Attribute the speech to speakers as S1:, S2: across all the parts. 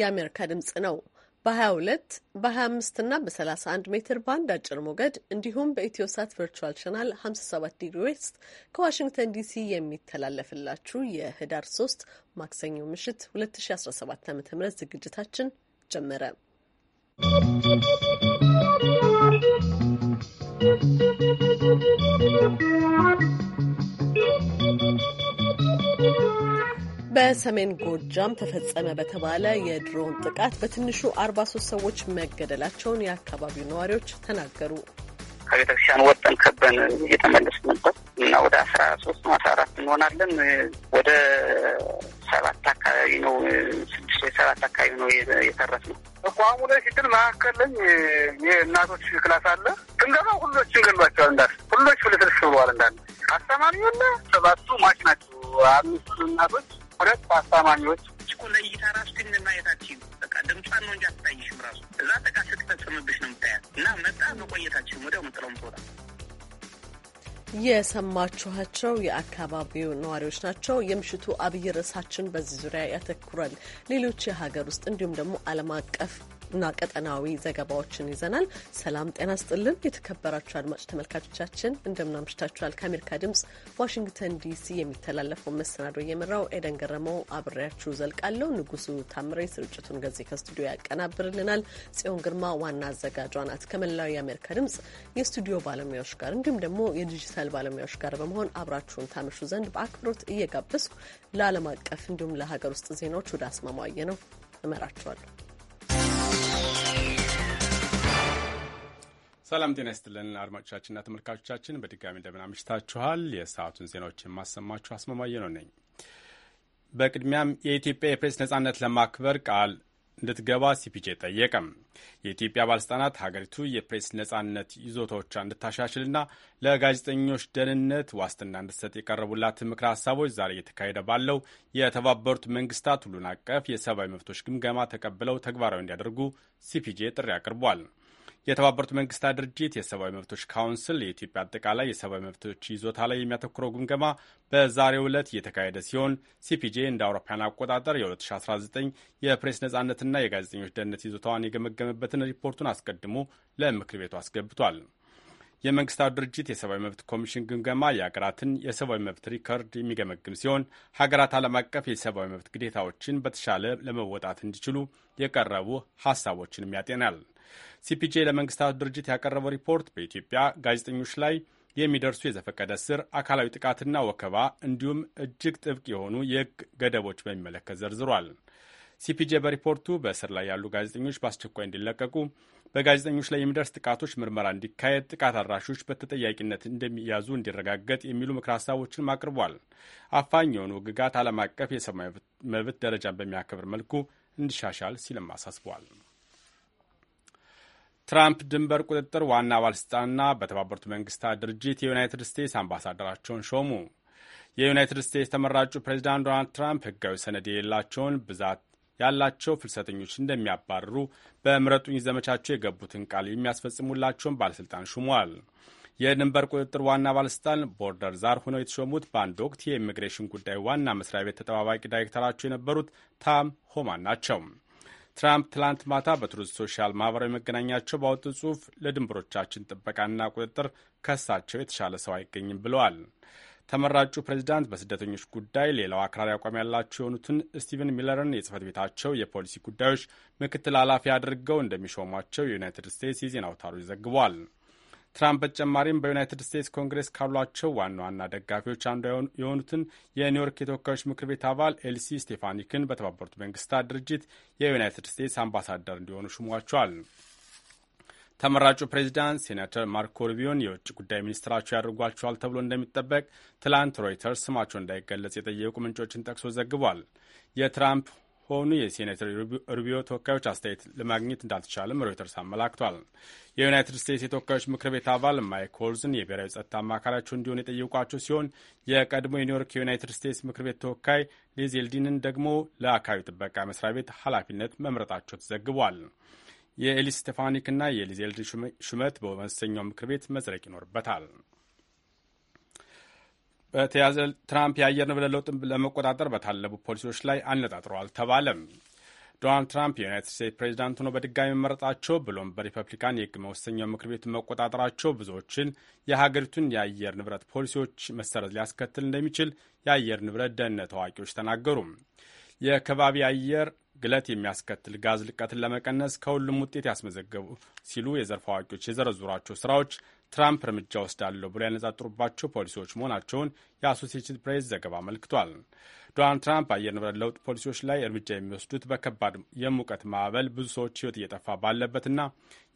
S1: የአሜሪካ ድምጽ ነው። በ22 በ25 እና በ31 ሜትር ባንድ አጭር ሞገድ እንዲሁም በኢትዮሳት ቨርቹዋል ቻናል 57 ዲግሪ ዌስት ከዋሽንግተን ዲሲ የሚተላለፍላችሁ የህዳር 3 ማክሰኞ ምሽት 2017 ዓ ም ዝግጅታችን ጀመረ። ¶¶ በሰሜን ጎጃም ተፈጸመ በተባለ የድሮን ጥቃት በትንሹ 43 ሰዎች መገደላቸውን የአካባቢው ነዋሪዎች ተናገሩ።
S2: ከቤተክርስቲያን ወጠን ከበን እየተመለስ ነበር እና ወደ አስራ ሶስት ነው አስራ አራት እንሆናለን። ወደ ሰባት አካባቢ ነው ስድስት ወይ ሰባት አካባቢ ነው የተረፍ
S3: ነው። ተቋሙ ላይ ሲትል መካከል የእናቶች ክላስ አለ ትንገባ ሁሎችን ገንባቸዋል እንዳል ሁሎች ሁለትርስ ብለዋል። እንዳለ አስተማሪ የለ ሰባቱ ማች ናቸው። አምስቱ እናቶች ሁለት አሳማሚዎች እኮ
S2: ለእይታ ራሱ ግን ማየታችን በቃ ድምጿን ነው እንጂ አትታይሽም። ራሱ እዛ
S3: ጥቃት ስትፈጽምብሽ ነው የምታያት እና መጣ መቆየታችን ወዲያው መጥለውም ምትወጣ
S1: የሰማችኋቸው የአካባቢው ነዋሪዎች ናቸው። የምሽቱ አብይ ርዕሳችን በዚህ ዙሪያ ያተኩራል። ሌሎች የሀገር ውስጥ እንዲሁም ደግሞ ዓለም አቀፍ እና ቀጠናዊ ዘገባዎችን ይዘናል። ሰላም ጤና ስጥልን የተከበራችሁ አድማጭ ተመልካቾቻችን እንደምናምሽታችኋል። ከአሜሪካ ድምጽ ዋሽንግተን ዲሲ የሚተላለፈው መሰናዶ እየመራው ኤደን ገረመው አብሬያችሁ ዘልቃለሁ። ንጉሱ ታምሬ ስርጭቱን ከዚህ ከስቱዲዮ ያቀናብርልናል። ጽዮን ግርማ ዋና አዘጋጇ ናት። ከመላው የአሜሪካ ድምጽ የስቱዲዮ ባለሙያዎች ጋር እንዲሁም ደግሞ የዲጂታል ባለሙያዎች ጋር በመሆን አብራችሁን ታመሹ ዘንድ በአክብሮት እየጋበዝኩ ለዓለም አቀፍ እንዲሁም ለሀገር ውስጥ ዜናዎች ወደ አስማማየ ነው እመራችኋለሁ።
S4: ሰላም ጤና ይስጥልን አድማጮቻችንና ተመልካቾቻችን በድጋሚ እንደምን አምሽታችኋል። የሰዓቱን ዜናዎች የማሰማችሁ አስማማየ ነው ነኝ። በቅድሚያም የኢትዮጵያ የፕሬስ ነጻነት ለማክበር ቃል እንድትገባ ሲፒጄ ጠየቀም። የኢትዮጵያ ባለስልጣናት ሀገሪቱ የፕሬስ ነጻነት ይዞታዎቿ እንድታሻሽልና ለጋዜጠኞች ደህንነት ዋስትና እንድትሰጥ የቀረቡላት ምክረ ሀሳቦች ዛሬ እየተካሄደ ባለው የተባበሩት መንግስታት ሁሉን አቀፍ የሰብአዊ መብቶች ግምገማ ተቀብለው ተግባራዊ እንዲያደርጉ ሲፒጄ ጥሪ አቅርቧል። የተባበሩት መንግስታት ድርጅት የሰብአዊ መብቶች ካውንስል የኢትዮጵያ አጠቃላይ የሰብአዊ መብቶች ይዞታ ላይ የሚያተኩረው ግምገማ በዛሬው ዕለት እየተካሄደ ሲሆን ሲፒጄ እንደ አውሮፓያን አቆጣጠር የ2019 የፕሬስ ነጻነትና የጋዜጠኞች ደህንነት ይዞታዋን የገመገመበትን ሪፖርቱን አስቀድሞ ለምክር ቤቱ አስገብቷል። የመንግስታቱ ድርጅት የሰብአዊ መብት ኮሚሽን ግምገማ የሀገራትን የሰብአዊ መብት ሪከርድ የሚገመግም ሲሆን ሀገራት ዓለም አቀፍ የሰብአዊ መብት ግዴታዎችን በተሻለ ለመወጣት እንዲችሉ የቀረቡ ሀሳቦችንም ያጤናል። ሲፒጄ ለመንግስታቱ ድርጅት ያቀረበው ሪፖርት በኢትዮጵያ ጋዜጠኞች ላይ የሚደርሱ የዘፈቀደ እስር፣ አካላዊ ጥቃትና ወከባ እንዲሁም እጅግ ጥብቅ የሆኑ የህግ ገደቦች በሚመለከት ዘርዝሯል። ሲፒጄ በሪፖርቱ በእስር ላይ ያሉ ጋዜጠኞች በአስቸኳይ እንዲለቀቁ፣ በጋዜጠኞች ላይ የሚደርስ ጥቃቶች ምርመራ እንዲካሄድ፣ ጥቃት አድራሾች በተጠያቂነት እንደሚያዙ እንዲረጋገጥ የሚሉ ምክር ሀሳቦችንም አቅርቧል። አፋኝ የሆኑ ሕግጋት ዓለም አቀፍ የሰብአዊ መብት ደረጃን በሚያከብር መልኩ እንዲሻሻል ሲልም አሳስቧል። ትራምፕ ድንበር ቁጥጥር ዋና ባለሥልጣንና በተባበሩት መንግስታት ድርጅት የዩናይትድ ስቴትስ አምባሳደራቸውን ሾሙ። የዩናይትድ ስቴትስ ተመራጩ ፕሬዚዳንት ዶናልድ ትራምፕ ህጋዊ ሰነድ የሌላቸውን ብዛት ያላቸው ፍልሰተኞች እንደሚያባርሩ በምረጡኝ ዘመቻቸው የገቡትን ቃል የሚያስፈጽሙላቸውን ባለሥልጣን ሹሟል። የድንበር ቁጥጥር ዋና ባለሥልጣን ቦርደር ዛር ሆነው የተሾሙት በአንድ ወቅት የኢሚግሬሽን ጉዳይ ዋና መስሪያ ቤት ተጠባባቂ ዳይሬክተራቸው የነበሩት ታም ሆማን ናቸው። ትራምፕ ትላንት ማታ በትሩዝ ሶሻል ማህበራዊ መገናኛቸው ባወጡ ጽሑፍ ለድንበሮቻችን ጥበቃና ቁጥጥር ከሳቸው የተሻለ ሰው አይገኝም ብለዋል። ተመራጩ ፕሬዚዳንት በስደተኞች ጉዳይ ሌላው አክራሪ አቋም ያላቸው የሆኑትን ስቲቨን ሚለርን የጽህፈት ቤታቸው የፖሊሲ ጉዳዮች ምክትል ኃላፊ አድርገው እንደሚሾሟቸው የዩናይትድ ስቴትስ የዜና አውታሮች ዘግቧል። ትራምፕ በተጨማሪም በዩናይትድ ስቴትስ ኮንግሬስ ካሏቸው ዋና ዋና ደጋፊዎች አንዱ የሆኑትን የኒውዮርክ የተወካዮች ምክር ቤት አባል ኤልሲ ስቴፋኒክን በተባበሩት መንግስታት ድርጅት የዩናይትድ ስቴትስ አምባሳደር እንዲሆኑ ሹሟቸዋል። ተመራጩ ፕሬዚዳንት ሴናተር ማርኮ ሩቢዮን የውጭ ጉዳይ ሚኒስትራቸው ያደርጓቸዋል ተብሎ እንደሚጠበቅ ትላንት ሮይተርስ ስማቸው እንዳይገለጽ የጠየቁ ምንጮችን ጠቅሶ ዘግቧል። የትራምፕ ሆኑ የሴኔተር ሩቢዮ ተወካዮች አስተያየት ለማግኘት እንዳልተቻለም ሮይተርስ አመላክቷል። የዩናይትድ ስቴትስ የተወካዮች ምክር ቤት አባል ማይክ ሆልዝን የብሔራዊ ጸጥታ አማካሪያቸው እንዲሆን የጠየቋቸው ሲሆን የቀድሞ የኒውዮርክ የዩናይትድ ስቴትስ ምክር ቤት ተወካይ ሊዝ ኤልዲንን ደግሞ ለአካባቢ ጥበቃ መስሪያ ቤት ኃላፊነት መምረጣቸው ተዘግቧል። የኤሊስ ስቴፋኒክና የሊዝ ኤልዲን ሹመት በመሰኛው ምክር ቤት መጽደቅ ይኖርበታል። በተያዘ ትራምፕ የአየር ንብረት ለውጥን ለመቆጣጠር በታለቡ ፖሊሲዎች ላይ አነጣጥሮ አልተባለም። ዶናልድ ትራምፕ የዩናይትድ ስቴትስ ፕሬዚዳንት ሆኖ በድጋሚ መመረጣቸው ብሎም በሪፐብሊካን የህግ መወሰኛው ምክር ቤት መቆጣጠራቸው ብዙዎችን የሀገሪቱን የአየር ንብረት ፖሊሲዎች መሰረዝ ሊያስከትል እንደሚችል የአየር ንብረት ደህንነት አዋቂዎች ተናገሩ። የከባቢ አየር ግለት የሚያስከትል ጋዝ ልቀትን ለመቀነስ ከሁሉም ውጤት ያስመዘገቡ ሲሉ የዘርፍ አዋቂዎች የዘረዘሯቸው ስራዎች ትራምፕ እርምጃ ወስዳለሁ ብሎ ያነጻጥሩባቸው ፖሊሲዎች መሆናቸውን የአሶሲትድ ፕሬስ ዘገባ አመልክቷል። ዶናልድ ትራምፕ አየር ንብረት ለውጥ ፖሊሲዎች ላይ እርምጃ የሚወስዱት በከባድ የሙቀት ማዕበል ብዙ ሰዎች ህይወት እየጠፋ ባለበትና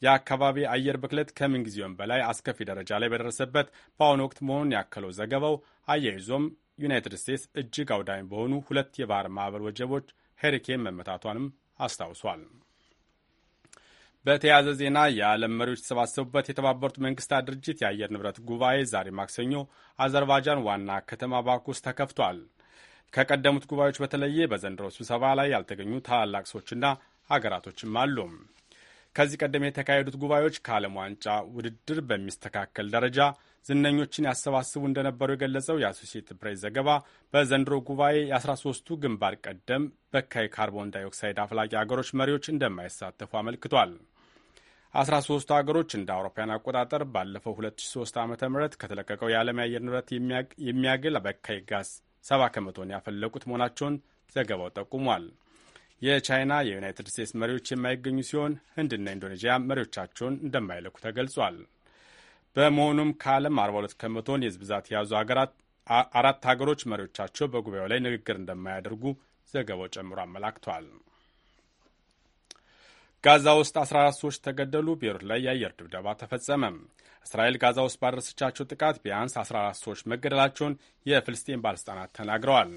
S4: የአካባቢ አየር ብክለት ከምንጊዜውም በላይ አስከፊ ደረጃ ላይ በደረሰበት በአሁኑ ወቅት መሆኑን ያከለው ዘገባው አያይዞም ዩናይትድ ስቴትስ እጅግ አውዳሚ በሆኑ ሁለት የባህር ማዕበል ወጀቦች ሄሪኬን መመታቷንም አስታውሷል። በተያያዘ ዜና የዓለም መሪዎች የተሰባሰቡበት የተባበሩት መንግስታት ድርጅት የአየር ንብረት ጉባኤ ዛሬ ማክሰኞ አዘርባይጃን ዋና ከተማ ባኩ ውስጥ ተከፍቷል። ከቀደሙት ጉባኤዎች በተለየ በዘንድሮ ስብሰባ ላይ ያልተገኙ ታላላቅ ሰዎችና ሀገራቶችም አሉ። ከዚህ ቀደም የተካሄዱት ጉባኤዎች ከዓለም ዋንጫ ውድድር በሚስተካከል ደረጃ ዝነኞችን ያሰባስቡ እንደነበሩ የገለጸው የአሶሲኤትድ ፕሬስ ዘገባ በዘንድሮ ጉባኤ የ13ቱ ግንባር ቀደም በካይ ካርቦን ዳይኦክሳይድ አፍላቂ አገሮች መሪዎች እንደማይሳተፉ አመልክቷል። 13 ሀገሮች እንደ አውሮፓውያን አቆጣጠር ባለፈው 2003 ዓ ም ከተለቀቀው የዓለም የአየር ንብረት የሚያግል በካይ ጋዝ 70 ከመቶን ያፈለቁት መሆናቸውን ዘገባው ጠቁሟል። የቻይና የዩናይትድ ስቴትስ መሪዎች የማይገኙ ሲሆን ህንድና ኢንዶኔዥያ መሪዎቻቸውን እንደማይልኩ ተገልጿል። በመሆኑም ከዓለም 42 ከመቶን የህዝብ ብዛት የያዙ አራት ሀገሮች መሪዎቻቸው በጉባኤው ላይ ንግግር እንደማያደርጉ ዘገባው ጨምሮ አመላክቷል። ጋዛ ውስጥ 14 ሰዎች ተገደሉ። ቤይሩት ላይ የአየር ድብደባ ተፈጸመ። እስራኤል ጋዛ ውስጥ ባደረሰቻቸው ጥቃት ቢያንስ 14 ሰዎች መገደላቸውን የፍልስጤን ባለሥልጣናት ተናግረዋል።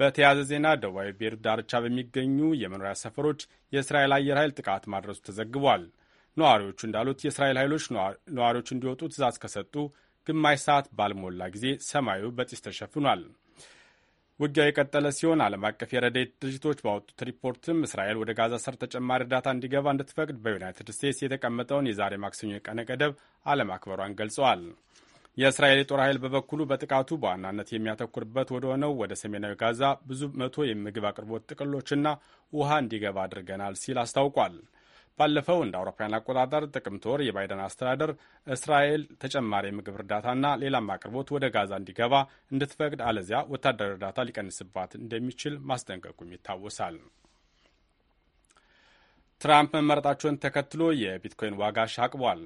S4: በተያያዘ ዜና ደቡባዊ ቤይሩት ዳርቻ በሚገኙ የመኖሪያ ሰፈሮች የእስራኤል አየር ኃይል ጥቃት ማድረሱ ተዘግቧል። ነዋሪዎቹ እንዳሉት የእስራኤል ኃይሎች ነዋሪዎች እንዲወጡ ትእዛዝ ከሰጡ ግማሽ ሰዓት ባልሞላ ጊዜ ሰማዩ በጢስ ተሸፍኗል። ውጊያው የቀጠለ ሲሆን ዓለም አቀፍ የረድኤት ድርጅቶች ባወጡት ሪፖርትም እስራኤል ወደ ጋዛ ሰርጥ ተጨማሪ እርዳታ እንዲገባ እንድትፈቅድ በዩናይትድ ስቴትስ የተቀመጠውን የዛሬ ማክሰኞ የቀነ ገደብ አለማክበሯን ገልጸዋል። የእስራኤል የጦር ኃይል በበኩሉ በጥቃቱ በዋናነት የሚያተኩርበት ወደ ሆነው ወደ ሰሜናዊ ጋዛ ብዙ መቶ የምግብ አቅርቦት ጥቅሎችና ውሃ እንዲገባ አድርገናል ሲል አስታውቋል። ባለፈው እንደ አውሮፓውያን አቆጣጠር ጥቅምት ወር የባይደን አስተዳደር እስራኤል ተጨማሪ እርዳታ እርዳታና ሌላም አቅርቦት ወደ ጋዛ እንዲገባ እንድትፈቅድ አለዚያ ወታደራዊ እርዳታ ሊቀንስባት እንደሚችል ማስጠንቀቁም ይታወሳል። ትራምፕ መመረጣቸውን ተከትሎ የቢትኮይን ዋጋ ሻቅቧል።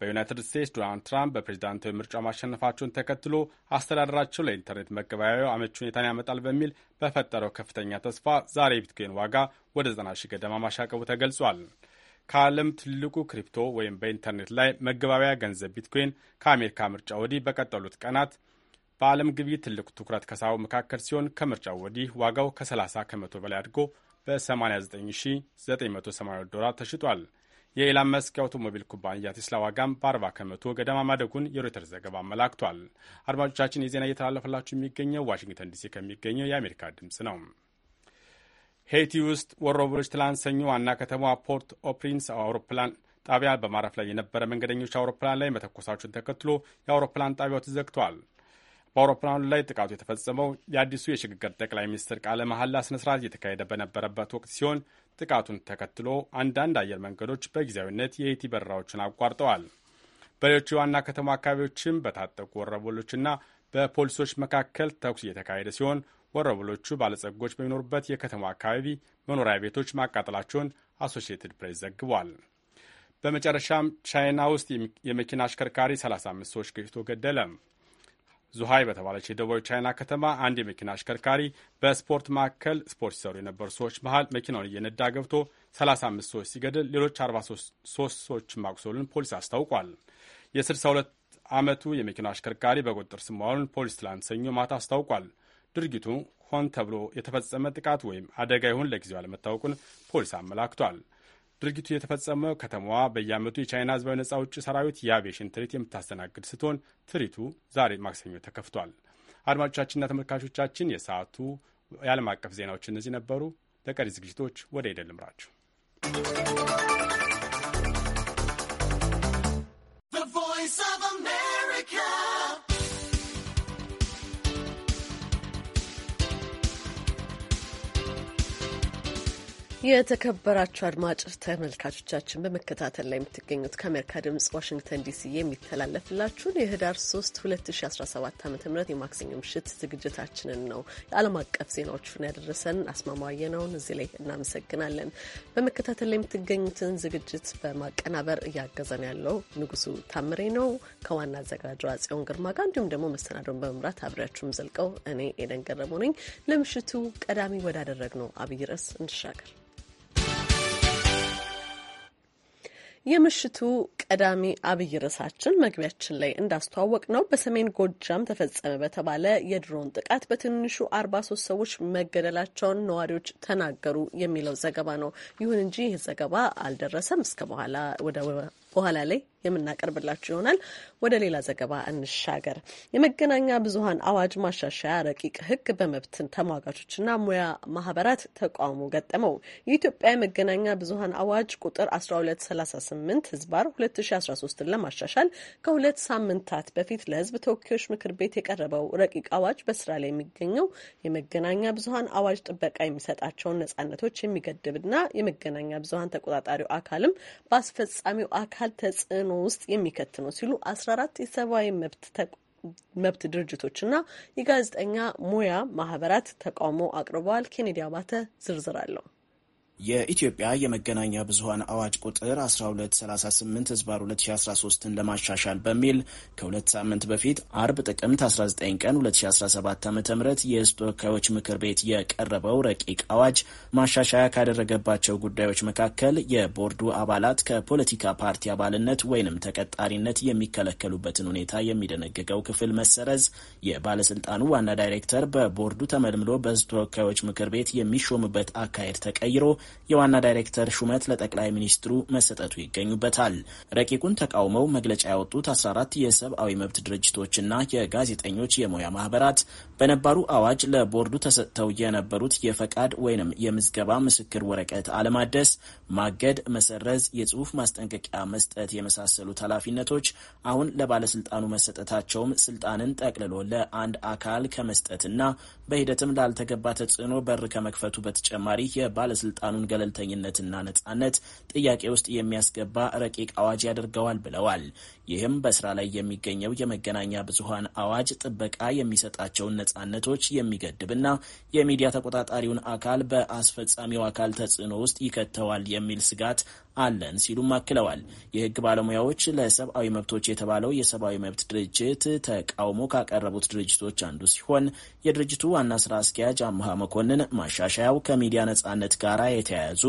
S4: በዩናይትድ ስቴትስ ዶናልድ ትራምፕ በፕሬዚዳንታዊ ምርጫ ማሸነፋቸውን ተከትሎ አስተዳደራቸው ለኢንተርኔት መገበያያ አመች ሁኔታን ያመጣል በሚል በፈጠረው ከፍተኛ ተስፋ ዛሬ የቢትኮይን ዋጋ ወደ ዘጠና ሺህ ገደማ ማሻቀቡ ተገልጿል። ከዓለም ትልቁ ክሪፕቶ ወይም በኢንተርኔት ላይ መገባበያ ገንዘብ ቢትኮይን ከአሜሪካ ምርጫ ወዲህ በቀጠሉት ቀናት በዓለም ግብይት ትልቁ ትኩረት ከሳቡ መካከል ሲሆን ከምርጫው ወዲህ ዋጋው ከ30 ከመቶ በላይ አድጎ በ 89982 ዶላር ተሽጧል። የኢላን መስክ የአውቶሞቢል ኩባንያ ቴስላ ዋጋም በ40 ከመቶ ገደማ ማደጉን የሮይተርስ ዘገባ አመላክቷል። አድማጮቻችን የዜና እየተላለፈላችሁ የሚገኘው ዋሽንግተን ዲሲ ከሚገኘው የአሜሪካ ድምፅ ነው። ሄይቲ ውስጥ ወሮበሎች ትላንት ሰኞ ዋና ከተማዋ ፖርት ኦፕሪንስ አውሮፕላን ጣቢያ በማረፍ ላይ የነበረ መንገደኞች አውሮፕላን ላይ መተኮሳቸውን ተከትሎ የአውሮፕላን ጣቢያው ተዘግተዋል። በአውሮፕላኑ ላይ ጥቃቱ የተፈጸመው የአዲሱ የሽግግር ጠቅላይ ሚኒስትር ቃለ መሐላ ስነ ስርዓት እየተካሄደ በነበረበት ወቅት ሲሆን ጥቃቱን ተከትሎ አንዳንድ አየር መንገዶች በጊዜያዊነት የሄይቲ በረራዎችን አቋርጠዋል። በሌሎች የዋና ከተማ አካባቢዎችም በታጠቁ ወረቦሎችና በፖሊሶች መካከል ተኩስ እየተካሄደ ሲሆን ወረበሎቹ ባለጸጎች በሚኖሩበት የከተማ አካባቢ መኖሪያ ቤቶች ማቃጠላቸውን አሶሺየትድ ፕሬስ ዘግቧል። በመጨረሻም ቻይና ውስጥ የመኪና አሽከርካሪ 35 ሰዎች ገጭቶ ገደለ። ዙሃይ በተባለች የደቡባዊ ቻይና ከተማ አንድ የመኪና አሽከርካሪ በስፖርት ማዕከል ስፖርት ሲሰሩ የነበሩ ሰዎች መሀል መኪናውን እየነዳ ገብቶ 35 ሰዎች ሲገድል ሌሎች 43 ሰዎች ማቁሰሉን ፖሊስ አስታውቋል። የ62 ዓመቱ የመኪና አሽከርካሪ በቁጥጥር ስር መዋሉን ፖሊስ ትላንት ሰኞ ማታ አስታውቋል። ድርጊቱ ሆን ተብሎ የተፈጸመ ጥቃት ወይም አደጋ ይሁን ለጊዜው አለመታወቁን ፖሊስ አመላክቷል። ድርጊቱ የተፈጸመው ከተማዋ በየዓመቱ የቻይና ህዝባዊ ነጻ ውጭ ሰራዊት የአቪዬሽን ትርኢት የምታስተናግድ ስትሆን ትርኢቱ ዛሬ ማክሰኞ ተከፍቷል። አድማጮቻችንና ተመልካቾቻችን የሰዓቱ የዓለም አቀፍ ዜናዎች እነዚህ ነበሩ። ለቀሪ ዝግጅቶች ወደ you.
S1: የተከበራችሁ አድማጭ ተመልካቾቻችን በመከታተል ላይ የምትገኙት ከአሜሪካ ድምጽ ዋሽንግተን ዲሲ የሚተላለፍላችሁን የህዳር 3 2017 ዓ ም የማክሰኞ ምሽት ዝግጅታችንን ነው። የዓለም አቀፍ ዜናዎቹን ያደረሰን አስማማየ ነውን። እዚህ ላይ እናመሰግናለን። በመከታተል ላይ የምትገኙትን ዝግጅት በማቀናበር እያገዘን ያለው ንጉሱ ታምሬ ነው ከዋና አዘጋጇ ጽዮን ግርማ ጋር እንዲሁም ደግሞ መሰናዶን በመምራት አብሬያችሁም ዘልቀው እኔ ኤደን ገረሙ ነኝ። ለምሽቱ ቀዳሚ ወዳደረግ ነው አብይ ርዕስ እንሻገር። የምሽቱ ቀዳሚ አብይ ርዕሳችን መግቢያችን ላይ እንዳስተዋወቅ ነው በሰሜን ጎጃም ተፈጸመ በተባለ የድሮን ጥቃት በትንሹ አርባ ሶስት ሰዎች መገደላቸውን ነዋሪዎች ተናገሩ የሚለው ዘገባ ነው። ይሁን እንጂ ይህ ዘገባ አልደረሰም። እስከ በኋላ ወደ በኋላ ላይ የምናቀርብላችሁ ይሆናል። ወደ ሌላ ዘገባ እንሻገር። የመገናኛ ብዙኃን አዋጅ ማሻሻያ ረቂቅ ህግ በመብትን ተሟጋቾችና ሙያ ማህበራት ተቃውሞ ገጠመው። የኢትዮጵያ የመገናኛ ብዙኃን አዋጅ ቁጥር 1238 ህዝባር 2013ን ለማሻሻል ከሁለት ሳምንታት በፊት ለህዝብ ተወካዮች ምክር ቤት የቀረበው ረቂቅ አዋጅ በስራ ላይ የሚገኘው የመገናኛ ብዙኃን አዋጅ ጥበቃ የሚሰጣቸውን ነጻነቶች የሚገድብና የመገናኛ ብዙኃን ተቆጣጣሪው አካልም በአስፈጻሚው አካል ተጽዕኖ ውስጥ የሚከት ነው ሲሉ አስራ አራት የሰብአዊ መብት መብት ድርጅቶችና የጋዜጠኛ ሙያ ማህበራት ተቃውሞ አቅርበዋል። ኬኔዲ አባተ ዝርዝር አለው።
S5: የኢትዮጵያ የመገናኛ ብዙኃን አዋጅ ቁጥር 1238 ህዝባር 2013ን ለማሻሻል በሚል ከሁለት ሳምንት በፊት አርብ ጥቅምት 19 ቀን 2017 ዓ ም የህዝብ ተወካዮች ምክር ቤት የቀረበው ረቂቅ አዋጅ ማሻሻያ ካደረገባቸው ጉዳዮች መካከል የቦርዱ አባላት ከፖለቲካ ፓርቲ አባልነት ወይንም ተቀጣሪነት የሚከለከሉበትን ሁኔታ የሚደነግገው ክፍል መሰረዝ፣ የባለስልጣኑ ዋና ዳይሬክተር በቦርዱ ተመልምሎ በህዝብ ተወካዮች ምክር ቤት የሚሾምበት አካሄድ ተቀይሮ የዋና ዳይሬክተር ሹመት ለጠቅላይ ሚኒስትሩ መሰጠቱ ይገኙበታል። ረቂቁን ተቃውመው መግለጫ ያወጡት 14 የሰብአዊ መብት ድርጅቶችና የጋዜጠኞች የሙያ ማህበራት በነባሩ አዋጅ ለቦርዱ ተሰጥተው የነበሩት የፈቃድ ወይንም የምዝገባ ምስክር ወረቀት አለማደስ፣ ማገድ፣ መሰረዝ፣ የጽሁፍ ማስጠንቀቂያ መስጠት የመሳሰሉት ኃላፊነቶች አሁን ለባለስልጣኑ መሰጠታቸውም ስልጣንን ጠቅልሎ ለአንድ አካል ከመስጠትና በሂደትም ላልተገባ ተጽዕኖ በር ከመክፈቱ በተጨማሪ የባለስልጣኑ የስልጣኑን ገለልተኝነትና ነጻነት ጥያቄ ውስጥ የሚያስገባ ረቂቅ አዋጅ ያደርገዋል ብለዋል። ይህም በስራ ላይ የሚገኘው የመገናኛ ብዙሀን አዋጅ ጥበቃ የሚሰጣቸውን ነጻነቶች የሚገድብና የሚዲያ ተቆጣጣሪውን አካል በአስፈጻሚው አካል ተጽዕኖ ውስጥ ይከተዋል የሚል ስጋት አለን ሲሉም አክለዋል። የህግ ባለሙያዎች ለሰብአዊ መብቶች የተባለው የሰብአዊ መብት ድርጅት ተቃውሞ ካቀረቡት ድርጅቶች አንዱ ሲሆን የድርጅቱ ዋና ስራ አስኪያጅ አምሃ መኮንን ማሻሻያው ከሚዲያ ነጻነት ጋር የተያያዙ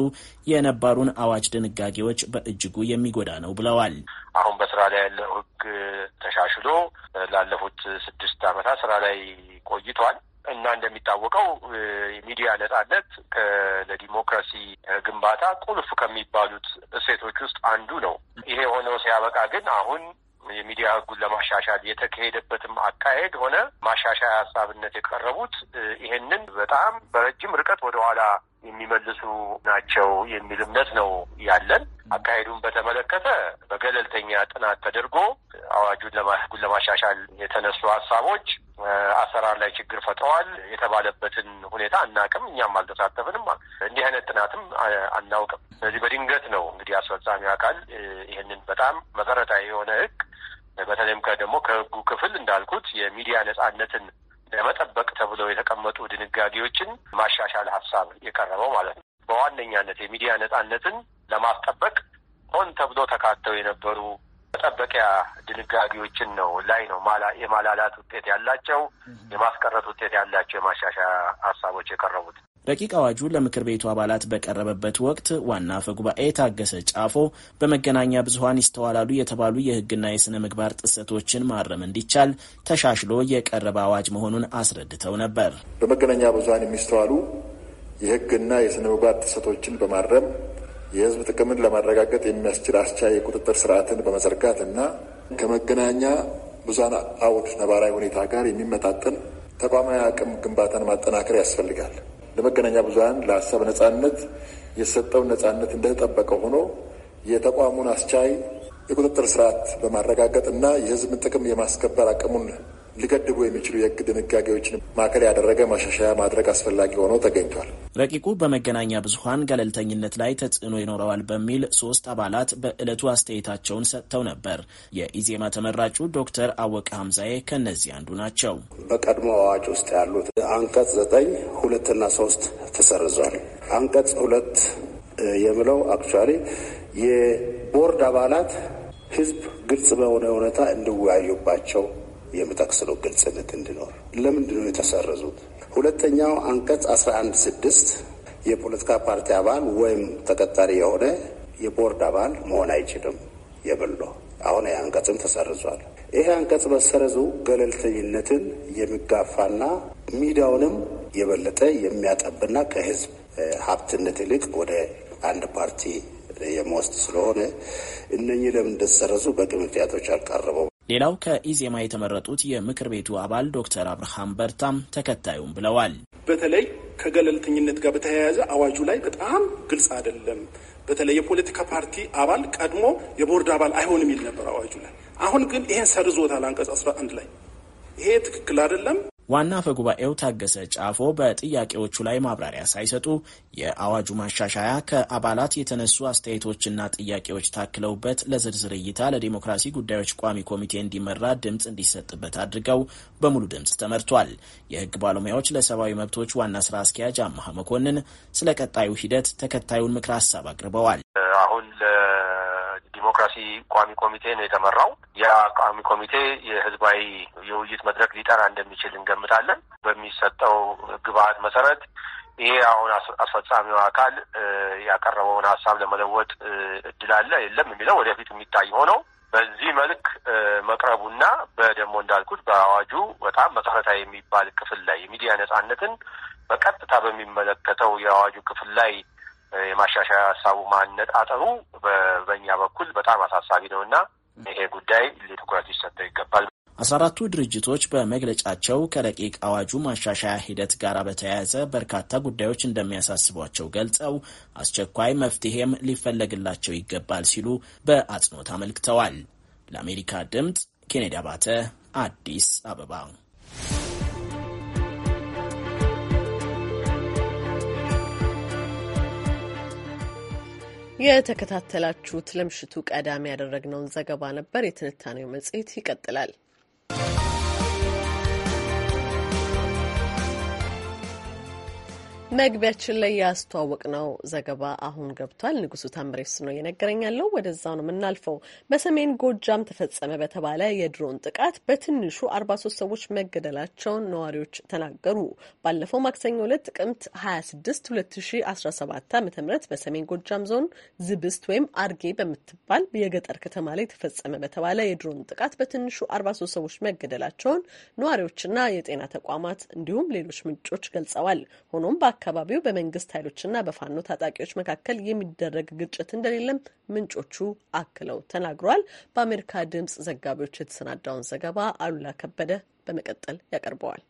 S5: የነባሩን አዋጅ ድንጋጌዎች በእጅጉ የሚጎዳ ነው ብለዋል። አሁን
S6: በስራ ላይ ያለው ህግ ተሻሽሎ ላለፉት ስድስት ዓመታት ስራ ላይ ቆይቷል እና እንደሚታወቀው የሚዲያ ነጻነት ለዲሞክራሲ ግንባታ ቁልፍ ከሚባሉት እሴቶች ውስጥ አንዱ ነው። ይሄ ሆነው ሲያበቃ ግን አሁን የሚዲያ ህጉን ለማሻሻል የተካሄደበትም አካሄድ ሆነ ማሻሻያ ሀሳብነት የቀረቡት ይሄንን በጣም በረጅም ርቀት ወደኋላ የሚመልሱ ናቸው የሚል እምነት ነው ያለን። አካሄዱን በተመለከተ በገለልተኛ ጥናት ተደርጎ አዋጁን ለማህጉን ለማሻሻል የተነሱ ሀሳቦች አሰራር ላይ ችግር ፈጥረዋል የተባለበትን ሁኔታ አናውቅም። እኛም አልተሳተፍንም። እንዲህ አይነት ጥናትም አናውቅም። ስለዚህ በድንገት ነው እንግዲህ አስፈጻሚ አካል ይህንን በጣም መሰረታዊ የሆነ ህግ በተለይም ደግሞ ከህጉ ክፍል እንዳልኩት የሚዲያ ነጻነትን ለመጠበቅ ተብለው የተቀመጡ ድንጋጌዎችን ማሻሻል ሀሳብ የቀረበው ማለት ነው። በዋነኛነት የሚዲያ ነጻነትን ለማስጠበቅ ሆን ተብሎ ተካተው የነበሩ መጠበቂያ ድንጋጌዎችን ነው ላይ ነው የማላላት ውጤት ያላቸው የማስቀረት ውጤት ያላቸው የማሻሻያ ሀሳቦች የቀረቡት።
S5: ረቂቅ አዋጁ ለምክር ቤቱ አባላት በቀረበበት ወቅት ዋና አፈ ጉባኤ ታገሰ ጫፎ በመገናኛ ብዙኃን ይስተዋላሉ የተባሉ የሕግና የሥነ ምግባር ጥሰቶችን ማረም እንዲቻል ተሻሽሎ የቀረበ አዋጅ መሆኑን አስረድተው ነበር።
S7: በመገናኛ ብዙኃን የሚስተዋሉ የሕግና የሥነ ምግባር ጥሰቶችን በማረም የህዝብ ጥቅምን ለማረጋገጥ የሚያስችል አስቻይ የቁጥጥር ስርዓትን በመዘርጋት እና ከመገናኛ ብዙሃን አውድ ነባራዊ ሁኔታ ጋር የሚመጣጠን ተቋማዊ አቅም ግንባታን ማጠናከር ያስፈልጋል። ለመገናኛ ብዙሃን ለሀሳብ ነጻነት የተሰጠውን ነጻነት እንደተጠበቀ ሆኖ የተቋሙን አስቻይ የቁጥጥር ስርዓት በማረጋገጥ እና የህዝብን ጥቅም የማስከበር አቅሙን ሊገድቡ የሚችሉ የህግ ድንጋጌዎችን ማዕከል ያደረገ ማሻሻያ ማድረግ አስፈላጊ ሆኖ ተገኝቷል።
S5: ረቂቁ በመገናኛ ብዙኃን ገለልተኝነት ላይ ተጽዕኖ ይኖረዋል በሚል ሶስት አባላት በዕለቱ አስተያየታቸውን ሰጥተው ነበር። የኢዜማ ተመራጩ ዶክተር አወቀ ሀምዛዬ ከእነዚህ አንዱ ናቸው።
S7: በቀድሞ አዋጅ
S8: ውስጥ ያሉት አንቀጽ ዘጠኝ ሁለትና ሶስት ተሰርዟል። አንቀጽ ሁለት የሚለው አክቹዋሊ የቦርድ አባላት ህዝብ ግልጽ በሆነ ሁኔታ እንዲወያዩባቸው የምጠቅስለው ግልጽነት እንዲኖር ለምንድን ነው የተሰረዙት? ሁለተኛው አንቀጽ 11 ስድስት የፖለቲካ ፓርቲ አባል ወይም ተቀጣሪ የሆነ የቦርድ አባል መሆን አይችልም የብሎ አሁን አንቀጽም ተሰርዟል። ይህ አንቀጽ መሰረዙ ገለልተኝነትን የሚጋፋና ሚዲያውንም የበለጠ የሚያጠብና ከህዝብ ሀብትነት ይልቅ ወደ አንድ ፓርቲ የመወስድ ስለሆነ እነኚህ ለምን እንደተሰረዙ በቂ
S7: ምክንያቶች አልቀረበው።
S5: ሌላው ከኢዜማ የተመረጡት የምክር ቤቱ አባል ዶክተር አብርሃም በርታም ተከታዩም ብለዋል።
S7: በተለይ ከገለልተኝነት ጋር በተያያዘ አዋጁ ላይ በጣም ግልጽ አይደለም። በተለይ የፖለቲካ ፓርቲ አባል ቀድሞ የቦርድ አባል አይሆንም የሚል ነበር አዋጁ ላይ። አሁን ግን ይሄን ሰርዞታል አንቀጽ 11 ላይ። ይሄ ትክክል አይደለም።
S5: ዋና አፈ ጉባኤው ታገሰ ጫፎ በጥያቄዎቹ ላይ ማብራሪያ ሳይሰጡ የአዋጁ ማሻሻያ ከአባላት የተነሱ አስተያየቶችና ጥያቄዎች ታክለውበት ለዝርዝር እይታ ለዲሞክራሲ ጉዳዮች ቋሚ ኮሚቴ እንዲመራ ድምፅ እንዲሰጥበት አድርገው በሙሉ ድምፅ ተመርቷል። የህግ ባለሙያዎች ለሰብአዊ መብቶች ዋና ስራ አስኪያጅ አማሃ መኮንን ስለ ቀጣዩ ሂደት ተከታዩን ምክረ ሀሳብ አቅርበዋል። አሁን
S6: ዲሞክራሲ ቋሚ ኮሚቴ ነው የተመራው። ያ ቋሚ ኮሚቴ የህዝባዊ የውይይት መድረክ ሊጠራ እንደሚችል እንገምታለን። በሚሰጠው ግብአት መሰረት ይሄ አሁን አስፈጻሚው አካል ያቀረበውን ሀሳብ ለመለወጥ እድል አለ የለም የሚለው ወደፊት የሚታይ ሆነው በዚህ መልክ መቅረቡና በደግሞ እንዳልኩት በአዋጁ በጣም መሰረታዊ የሚባል ክፍል ላይ የሚዲያ ነጻነትን በቀጥታ በሚመለከተው የአዋጁ ክፍል ላይ የማሻሻያ ሀሳቡ ማነጣጠሩ በእኛ በኩል በጣም አሳሳቢ ነው እና ይሄ ጉዳይ ትኩረት ሊሰጠው ይገባል።
S5: አስራ አራቱ ድርጅቶች በመግለጫቸው ከረቂቅ አዋጁ ማሻሻያ ሂደት ጋር በተያያዘ በርካታ ጉዳዮች እንደሚያሳስቧቸው ገልጸው አስቸኳይ መፍትሄም ሊፈለግላቸው ይገባል ሲሉ በአጽንኦት አመልክተዋል። ለአሜሪካ ድምጽ ኬኔዲ አባተ አዲስ አበባ
S1: የተከታተላችሁት ለምሽቱ ቀዳሚ ያደረግነውን ዘገባ ነበር። የትንታኔው መጽሔት ይቀጥላል። መግቢያችን ላይ ያስተዋወቅ ነው ዘገባ አሁን ገብቷል። ንጉሱ ታምሬስ ነው የነገረኛለው። ወደዛው ነው የምናልፈው። በሰሜን ጎጃም ተፈጸመ በተባለ የድሮን ጥቃት በትንሹ አርባ ሶስት ሰዎች መገደላቸውን ነዋሪዎች ተናገሩ። ባለፈው ማክሰኞ ዕለት ጥቅምት ሀያ ስድስት ሁለት ሺ አስራ ሰባት አመተ ምህረት በሰሜን ጎጃም ዞን ዝብስት ወይም አርጌ በምትባል የገጠር ከተማ ላይ ተፈጸመ በተባለ የድሮን ጥቃት በትንሹ አርባ ሶስት ሰዎች መገደላቸውን ነዋሪዎችና የጤና ተቋማት እንዲሁም ሌሎች ምንጮች ገልጸዋል። ሆኖም በአካባቢው በመንግስት ኃይሎችና በፋኖ ታጣቂዎች መካከል የሚደረግ ግጭት እንደሌለም ምንጮቹ አክለው ተናግረዋል። በአሜሪካ ድምጽ ዘጋቢዎች የተሰናዳውን ዘገባ አሉላ ከበደ በመቀጠል ያቀርበዋል።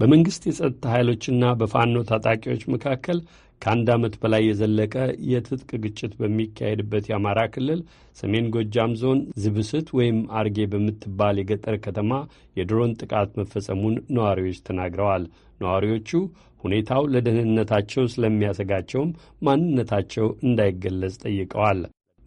S9: በመንግሥት የጸጥታ ኃይሎችና በፋኖ ታጣቂዎች መካከል ከአንድ ዓመት በላይ የዘለቀ የትጥቅ ግጭት በሚካሄድበት የአማራ ክልል ሰሜን ጎጃም ዞን ዝብስት ወይም አርጌ በምትባል የገጠር ከተማ የድሮን ጥቃት መፈጸሙን ነዋሪዎች ተናግረዋል። ነዋሪዎቹ ሁኔታው ለደህንነታቸው ስለሚያሰጋቸውም ማንነታቸው እንዳይገለጽ ጠይቀዋል።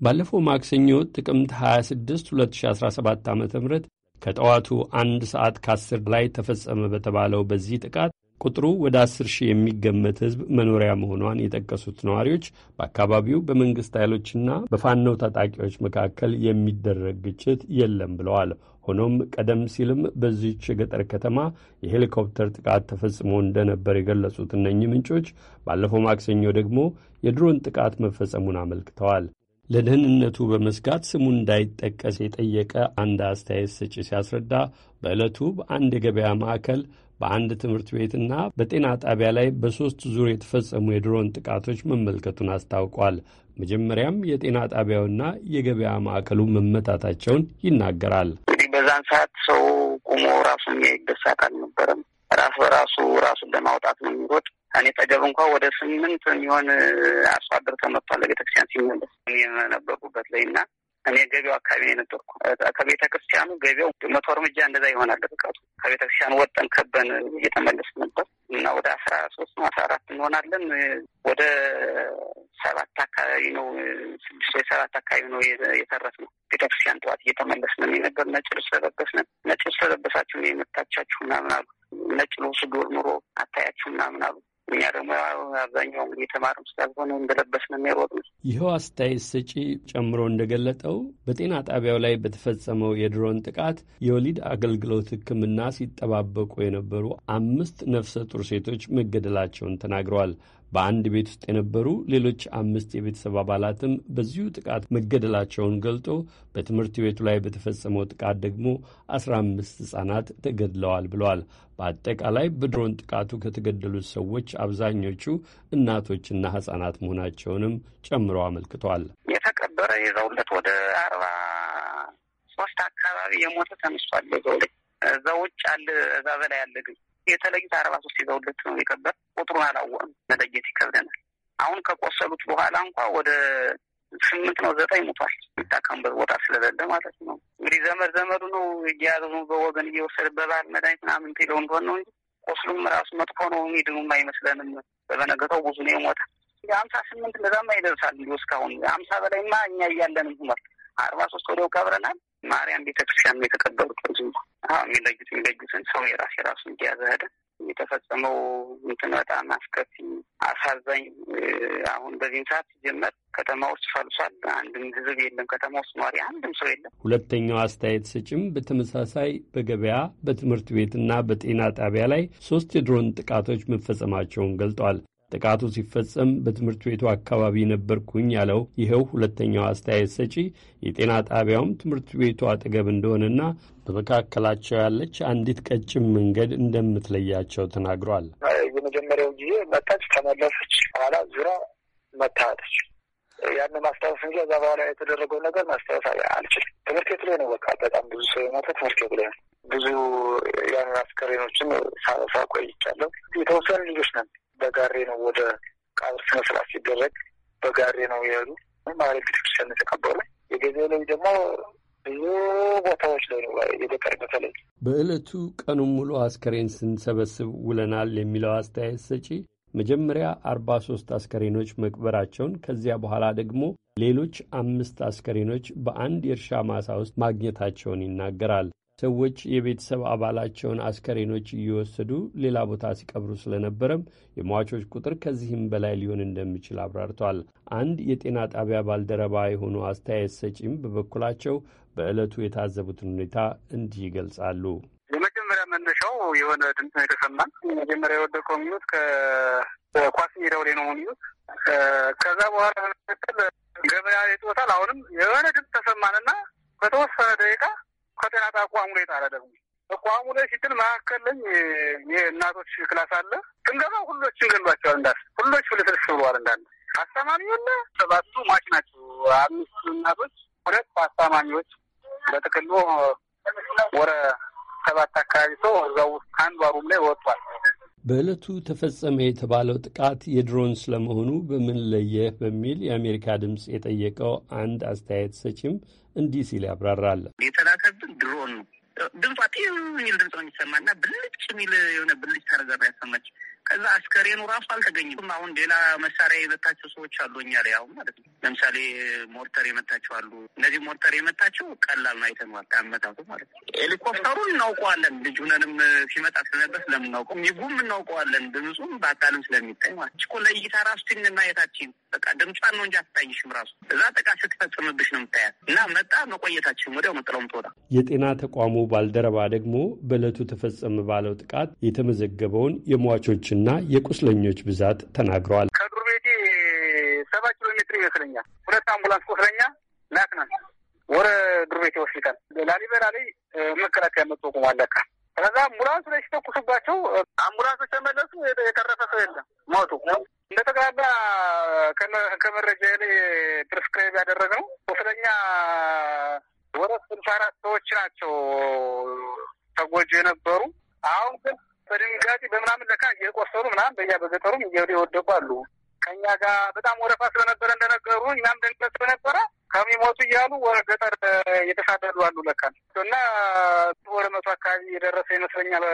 S9: ባለፈው ማክሰኞ ጥቅምት 26 2017 ዓ ም ከጠዋቱ አንድ ሰዓት ከአስር ላይ ተፈጸመ በተባለው በዚህ ጥቃት ቁጥሩ ወደ አስር ሺህ የሚገመት ሕዝብ መኖሪያ መሆኗን የጠቀሱት ነዋሪዎች በአካባቢው በመንግሥት ኃይሎችና በፋኖ ታጣቂዎች መካከል የሚደረግ ግጭት የለም ብለዋል። ሆኖም ቀደም ሲልም በዚች የገጠር ከተማ የሄሊኮፕተር ጥቃት ተፈጽሞ እንደነበር የገለጹት እነኚህ ምንጮች ባለፈው ማክሰኞ ደግሞ የድሮን ጥቃት መፈጸሙን አመልክተዋል። ለደህንነቱ በመስጋት ስሙ እንዳይጠቀስ የጠየቀ አንድ አስተያየት ሰጪ ሲያስረዳ በዕለቱ በአንድ የገበያ ማዕከል በአንድ ትምህርት ቤትና በጤና ጣቢያ ላይ በሦስት ዙር የተፈጸሙ የድሮን ጥቃቶች መመልከቱን አስታውቋል። መጀመሪያም የጤና ጣቢያውና የገበያ ማዕከሉ መመታታቸውን ይናገራል። እንግዲህ በዛን ሰዓት ሰው ቁሞ ራሱን የሚያይበት ሰዓት አልነበረም።
S2: ራስ በራሱ ራሱን ለማውጣት ነው የሚሮጥ እኔ ጠገብ እንኳ ወደ ስምንት የሚሆን አርሶ አደር ተመቷል። ለቤተክርስቲያን ሲመለስ የነበርኩበት ላይ እና እኔ ገቢው አካባቢ ነው የነበርኩ። ከቤተክርስቲያኑ ገቢው መቶ እርምጃ እንደዛ ይሆናል ርቀቱ። ከቤተ ክርስቲያኑ ወጠን ከበን እየተመለስ ነበር እና ወደ አስራ ሶስት ነው አስራ አራት እንሆናለን። ወደ ሰባት አካባቢ ነው ስድስት ወይ ሰባት አካባቢ ነው የተረፍ ነው። ቤተክርስቲያን ጠዋት እየተመለስ ነው የነበር። ነጭ ልብስ ለለበስን። ነጭ ልብስ ለበሳችሁ የመታቻችሁ ምናምን አሉ። ነጭ ዶር ኑሮ አታያችሁ ምናምን አሉ። እኛ ደግሞ አብዛኛው እንግዲህ የተማርም ስላልሆነ እንደለበስ
S8: ነው የሚያወጡት።
S9: ይኸው አስተያየት ሰጪ ጨምሮ እንደገለጠው በጤና ጣቢያው ላይ በተፈጸመው የድሮን ጥቃት የወሊድ አገልግሎት ሕክምና ሲጠባበቁ የነበሩ አምስት ነፍሰ ጡር ሴቶች መገደላቸውን ተናግረዋል። በአንድ ቤት ውስጥ የነበሩ ሌሎች አምስት የቤተሰብ አባላትም በዚሁ ጥቃት መገደላቸውን ገልጦ በትምህርት ቤቱ ላይ በተፈጸመው ጥቃት ደግሞ አምስት ህጻናት ተገድለዋል ብለዋል። በአጠቃላይ በድሮን ጥቃቱ ከተገደሉት ሰዎች አብዛኞቹ እናቶችና ህጻናት መሆናቸውንም ጨምሮ አመልክቷል። የተቀበረ የዘውለት ወደ
S2: አርባ ሶስት አካባቢ የሞተ ተነስቷል። ዘውለት እዛ ውጭ አለ እዛ በላይ አለ ግን የተለዩት አርባ ሶስት የዘውለት ነው የቀበር ቁጥሩን አላወቅም፣ መለየት ይከብደናል። አሁን ከቆሰሉት በኋላ እንኳ ወደ ስምንት ነው ዘጠኝ ሙቷል። የሚታከምበት ቦታ ስለሌለ ማለት ነው። እንግዲህ ዘመድ ዘመዱ ነው እየያዘ በወገን እየወሰደ በባህል መድኃኒት ምናምን ትለው እንደሆነ ነው እንጂ ቆስሉም ራሱ መጥፎ ነው፣ የሚድኑም አይመስለንም። በበነገተው ብዙ ነው የሞተ የአምሳ ስምንት እንደዛማ ይደርሳል እንዲሁ እስካሁን አምሳ በላይማ እኛ እያለንም ሁመር አርባ ሶስት ወዲያው ቀብረናል። ማርያም ቤተክርስቲያን የተቀበሩት ብዙ የሚለዩት የሚለዩትን ሰው የራስ የራሱ እንዲያዘ ሄደ። የተፈጸመው እንትን በጣም አስከፊ አሳዛኝ። አሁን
S9: በዚህም ሰዓት ሲጀመር ከተማ ውስጥ ፈልሷል። አንድም ህዝብ የለም ከተማ ውስጥ ኗሪ አንድም ሰው የለም። ሁለተኛው አስተያየት ሰጭም በተመሳሳይ በገበያ በትምህርት ቤትና በጤና ጣቢያ ላይ ሶስት የድሮን ጥቃቶች መፈጸማቸውን ገልጧል። ጥቃቱ ሲፈጸም በትምህርት ቤቱ አካባቢ ነበርኩኝ ያለው ይኸው ሁለተኛው አስተያየት ሰጪ የጤና ጣቢያውም ትምህርት ቤቱ አጠገብ እንደሆነና በመካከላቸው ያለች አንዲት ቀጭን መንገድ እንደምትለያቸው ተናግሯል።
S8: የመጀመሪያው ጊዜ መጣች፣ ተመለሰች፣ በኋላ ዙሪያ መታወጠች። ያን ማስታወስ እንጂ እዛ በኋላ የተደረገው ነገር ማስታወስ አልችልም። ትምህርት ቤት ላይ ነው። በቃ በጣም ብዙ ሰው የሞተ ትምህርት ቤት ላይ ነው። ብዙ ያንን አስከሬኖችን ሳበሳ ቆይቻለሁ። የተወሰኑ ልጆች ነን በጋሬ ነው ወደ ስነ ስነስርዓት ሲደረግ በጋሬ ነው የሄዱ ማሪ ቤተክርስቲያን የተቀበሩ። የገዜው ላይ ደግሞ ብዙ ቦታዎች ላይ ነው
S9: የገጠር በተለይ በእለቱ ቀኑን ሙሉ አስከሬን ስንሰበስብ ውለናል የሚለው አስተያየት ሰጪ መጀመሪያ አርባ ሶስት አስከሬኖች መቅበራቸውን ከዚያ በኋላ ደግሞ ሌሎች አምስት አስከሬኖች በአንድ የእርሻ ማሳ ውስጥ ማግኘታቸውን ይናገራል። ሰዎች የቤተሰብ አባላቸውን አስከሬኖች እየወሰዱ ሌላ ቦታ ሲቀብሩ ስለነበረም የሟቾች ቁጥር ከዚህም በላይ ሊሆን እንደሚችል አብራርተዋል። አንድ የጤና ጣቢያ ባልደረባ የሆኑ አስተያየት ሰጪም በበኩላቸው በዕለቱ የታዘቡትን ሁኔታ እንዲህ ይገልጻሉ። የመጀመሪያ
S3: መነሻው የሆነ ድምፅ ነው የተሰማን። መጀመሪያ የወደቀው የሚሉት ከኳስ ሜዳው ላይ ነው የሚሉት። ከዛ በኋላ ገበያ ይጦታል። አሁንም የሆነ ድምፅ ተሰማንና በተወሰነ ደቂቃ ከተና ተቋሙ ላይ ጣለ። ደግሞ ተቋሙ ላይ ሲትል መካከል ለኝ የእናቶች ክላስ አለ። ስንገባ ሁሎችን ገሏቸዋል። እንዳስ ሁሎች ፍልፍልስ ብለዋል። እንዳለ አስተማሚውና ሰባቱ ሟች ናቸው። አምስቱ እናቶች፣ ሁለት አስተማሚዎች በጥቅሉ ወረ ሰባት አካባቢ ሰው እዛው ውስጥ አንዷ ሩም ላይ ወጥቷል።
S9: በዕለቱ ተፈጸመ የተባለው ጥቃት የድሮን ስለመሆኑ በምን ለየህ በሚል የአሜሪካ ድምፅ የጠየቀው አንድ አስተያየት ሰጪም እንዲህ ሲል ያብራራል።
S2: የተላከብን ድሮን ድምጿ የሚል ድምጽ ነው የሚሰማና ብልጭ የሚል የሆነ ብልጭ ታደረጋ ያሰማች ከዛ አስከሬኑ ራሱ አልተገኘም። አሁን ሌላ መሳሪያ የመታቸው ሰዎች አሉ እኛ ላይ አሁን ማለት ነው። ለምሳሌ ሞርተር የመታቸው አሉ። እነዚህ ሞርተር የመታቸው ቀላል ነው፣ አይተነዋል አመታቱ ማለት ነው። ሄሊኮፕተሩን እናውቀዋለን፣ ሁነንም ሲመጣ ስለነበር ስለምናውቀው ሚጉም እናውቀዋለን፣ ድምፁም በአካልም ስለሚታይ ማለት እኮ ለእይታ ራሱ ትን ማየታችን በቃ ድምጿን ነው እንጂ አትታይሽም። ራሱ እዛ ጥቃት ስትፈጽምብሽ ነው የምታያት እና መጣ መቆየታችን ወዲያው መጥለውም ትወጣ።
S9: የጤና ተቋሙ ባልደረባ ደግሞ በእለቱ ተፈጸመ ባለው ጥቃት የተመዘገበውን የሟቾችን መሆኑንና የቁስለኞች ብዛት ተናግረዋል።
S5: ከዱር ቤቴ ሰባ
S3: ኪሎ ሜትር ይመስለኛል። ሁለት አምቡላንስ ቁስለኛ ላክናል። ወረ ዱር ቤቴ ሆስፒታል ላሊበላ ላይ መከላከያ መጡ ቁማለካ ከዛ አምቡላንሱ ላይ ሲተኩስባቸው አምቡላንሶች ተመለሱ። የተረፈ ሰው የለም ሞቱ። እንደ ጠቅላላ ከመረጃ ላይ ፕሪስክራይብ ነው ቁስለኛ ወረ ስልሳ አራት ሰዎች ናቸው ተጎጂ የነበሩ አሁን ግን በድንጋጤ በምናምን ለካ እየቆሰሉ ምናምን በያ በገጠሩም እየወደ እየወደቁ አሉ። ከእኛ ጋር በጣም ወረፋ ስለነበረ እንደነገሩ እኛም ደንገት ስለነበረ ከሚሞቱ እያሉ ወረ ገጠር የተሳደዱ አሉ ለካ እና ወደ መቶ አካባቢ የደረሰ ይመስለኛል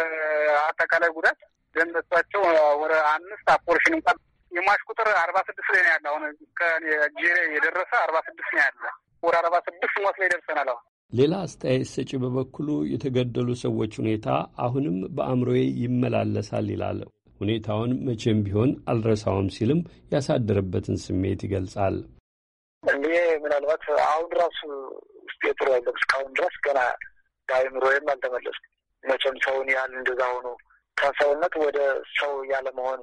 S3: አጠቃላይ ጉዳት ደንበቷቸው ወደ አምስት አፖርሽን እንኳን የሟች ቁጥር አርባ ስድስት ላይ ነው ያለ። አሁን ከጄሬ የደረሰ አርባ ስድስት ነው ያለ። ወደ አርባ ስድስት ሞት ላይ ደርሰናል አሁን
S9: ሌላ አስተያየት ሰጪ በበኩሉ የተገደሉ ሰዎች ሁኔታ አሁንም በአእምሮዬ ይመላለሳል ይላል። ሁኔታውን መቼም ቢሆን አልረሳውም ሲልም ያሳደረበትን ስሜት ይገልጻል።
S8: እኔ ምናልባት አሁን ራሱ ውስጥ የጥሩ ያለም እስካሁን ድረስ ገና በአእምሮዬም አልተመለስኩም። መቼም ሰውን ያህል እንደዛ ሆኖ ከሰውነት ወደ ሰው ያለመሆን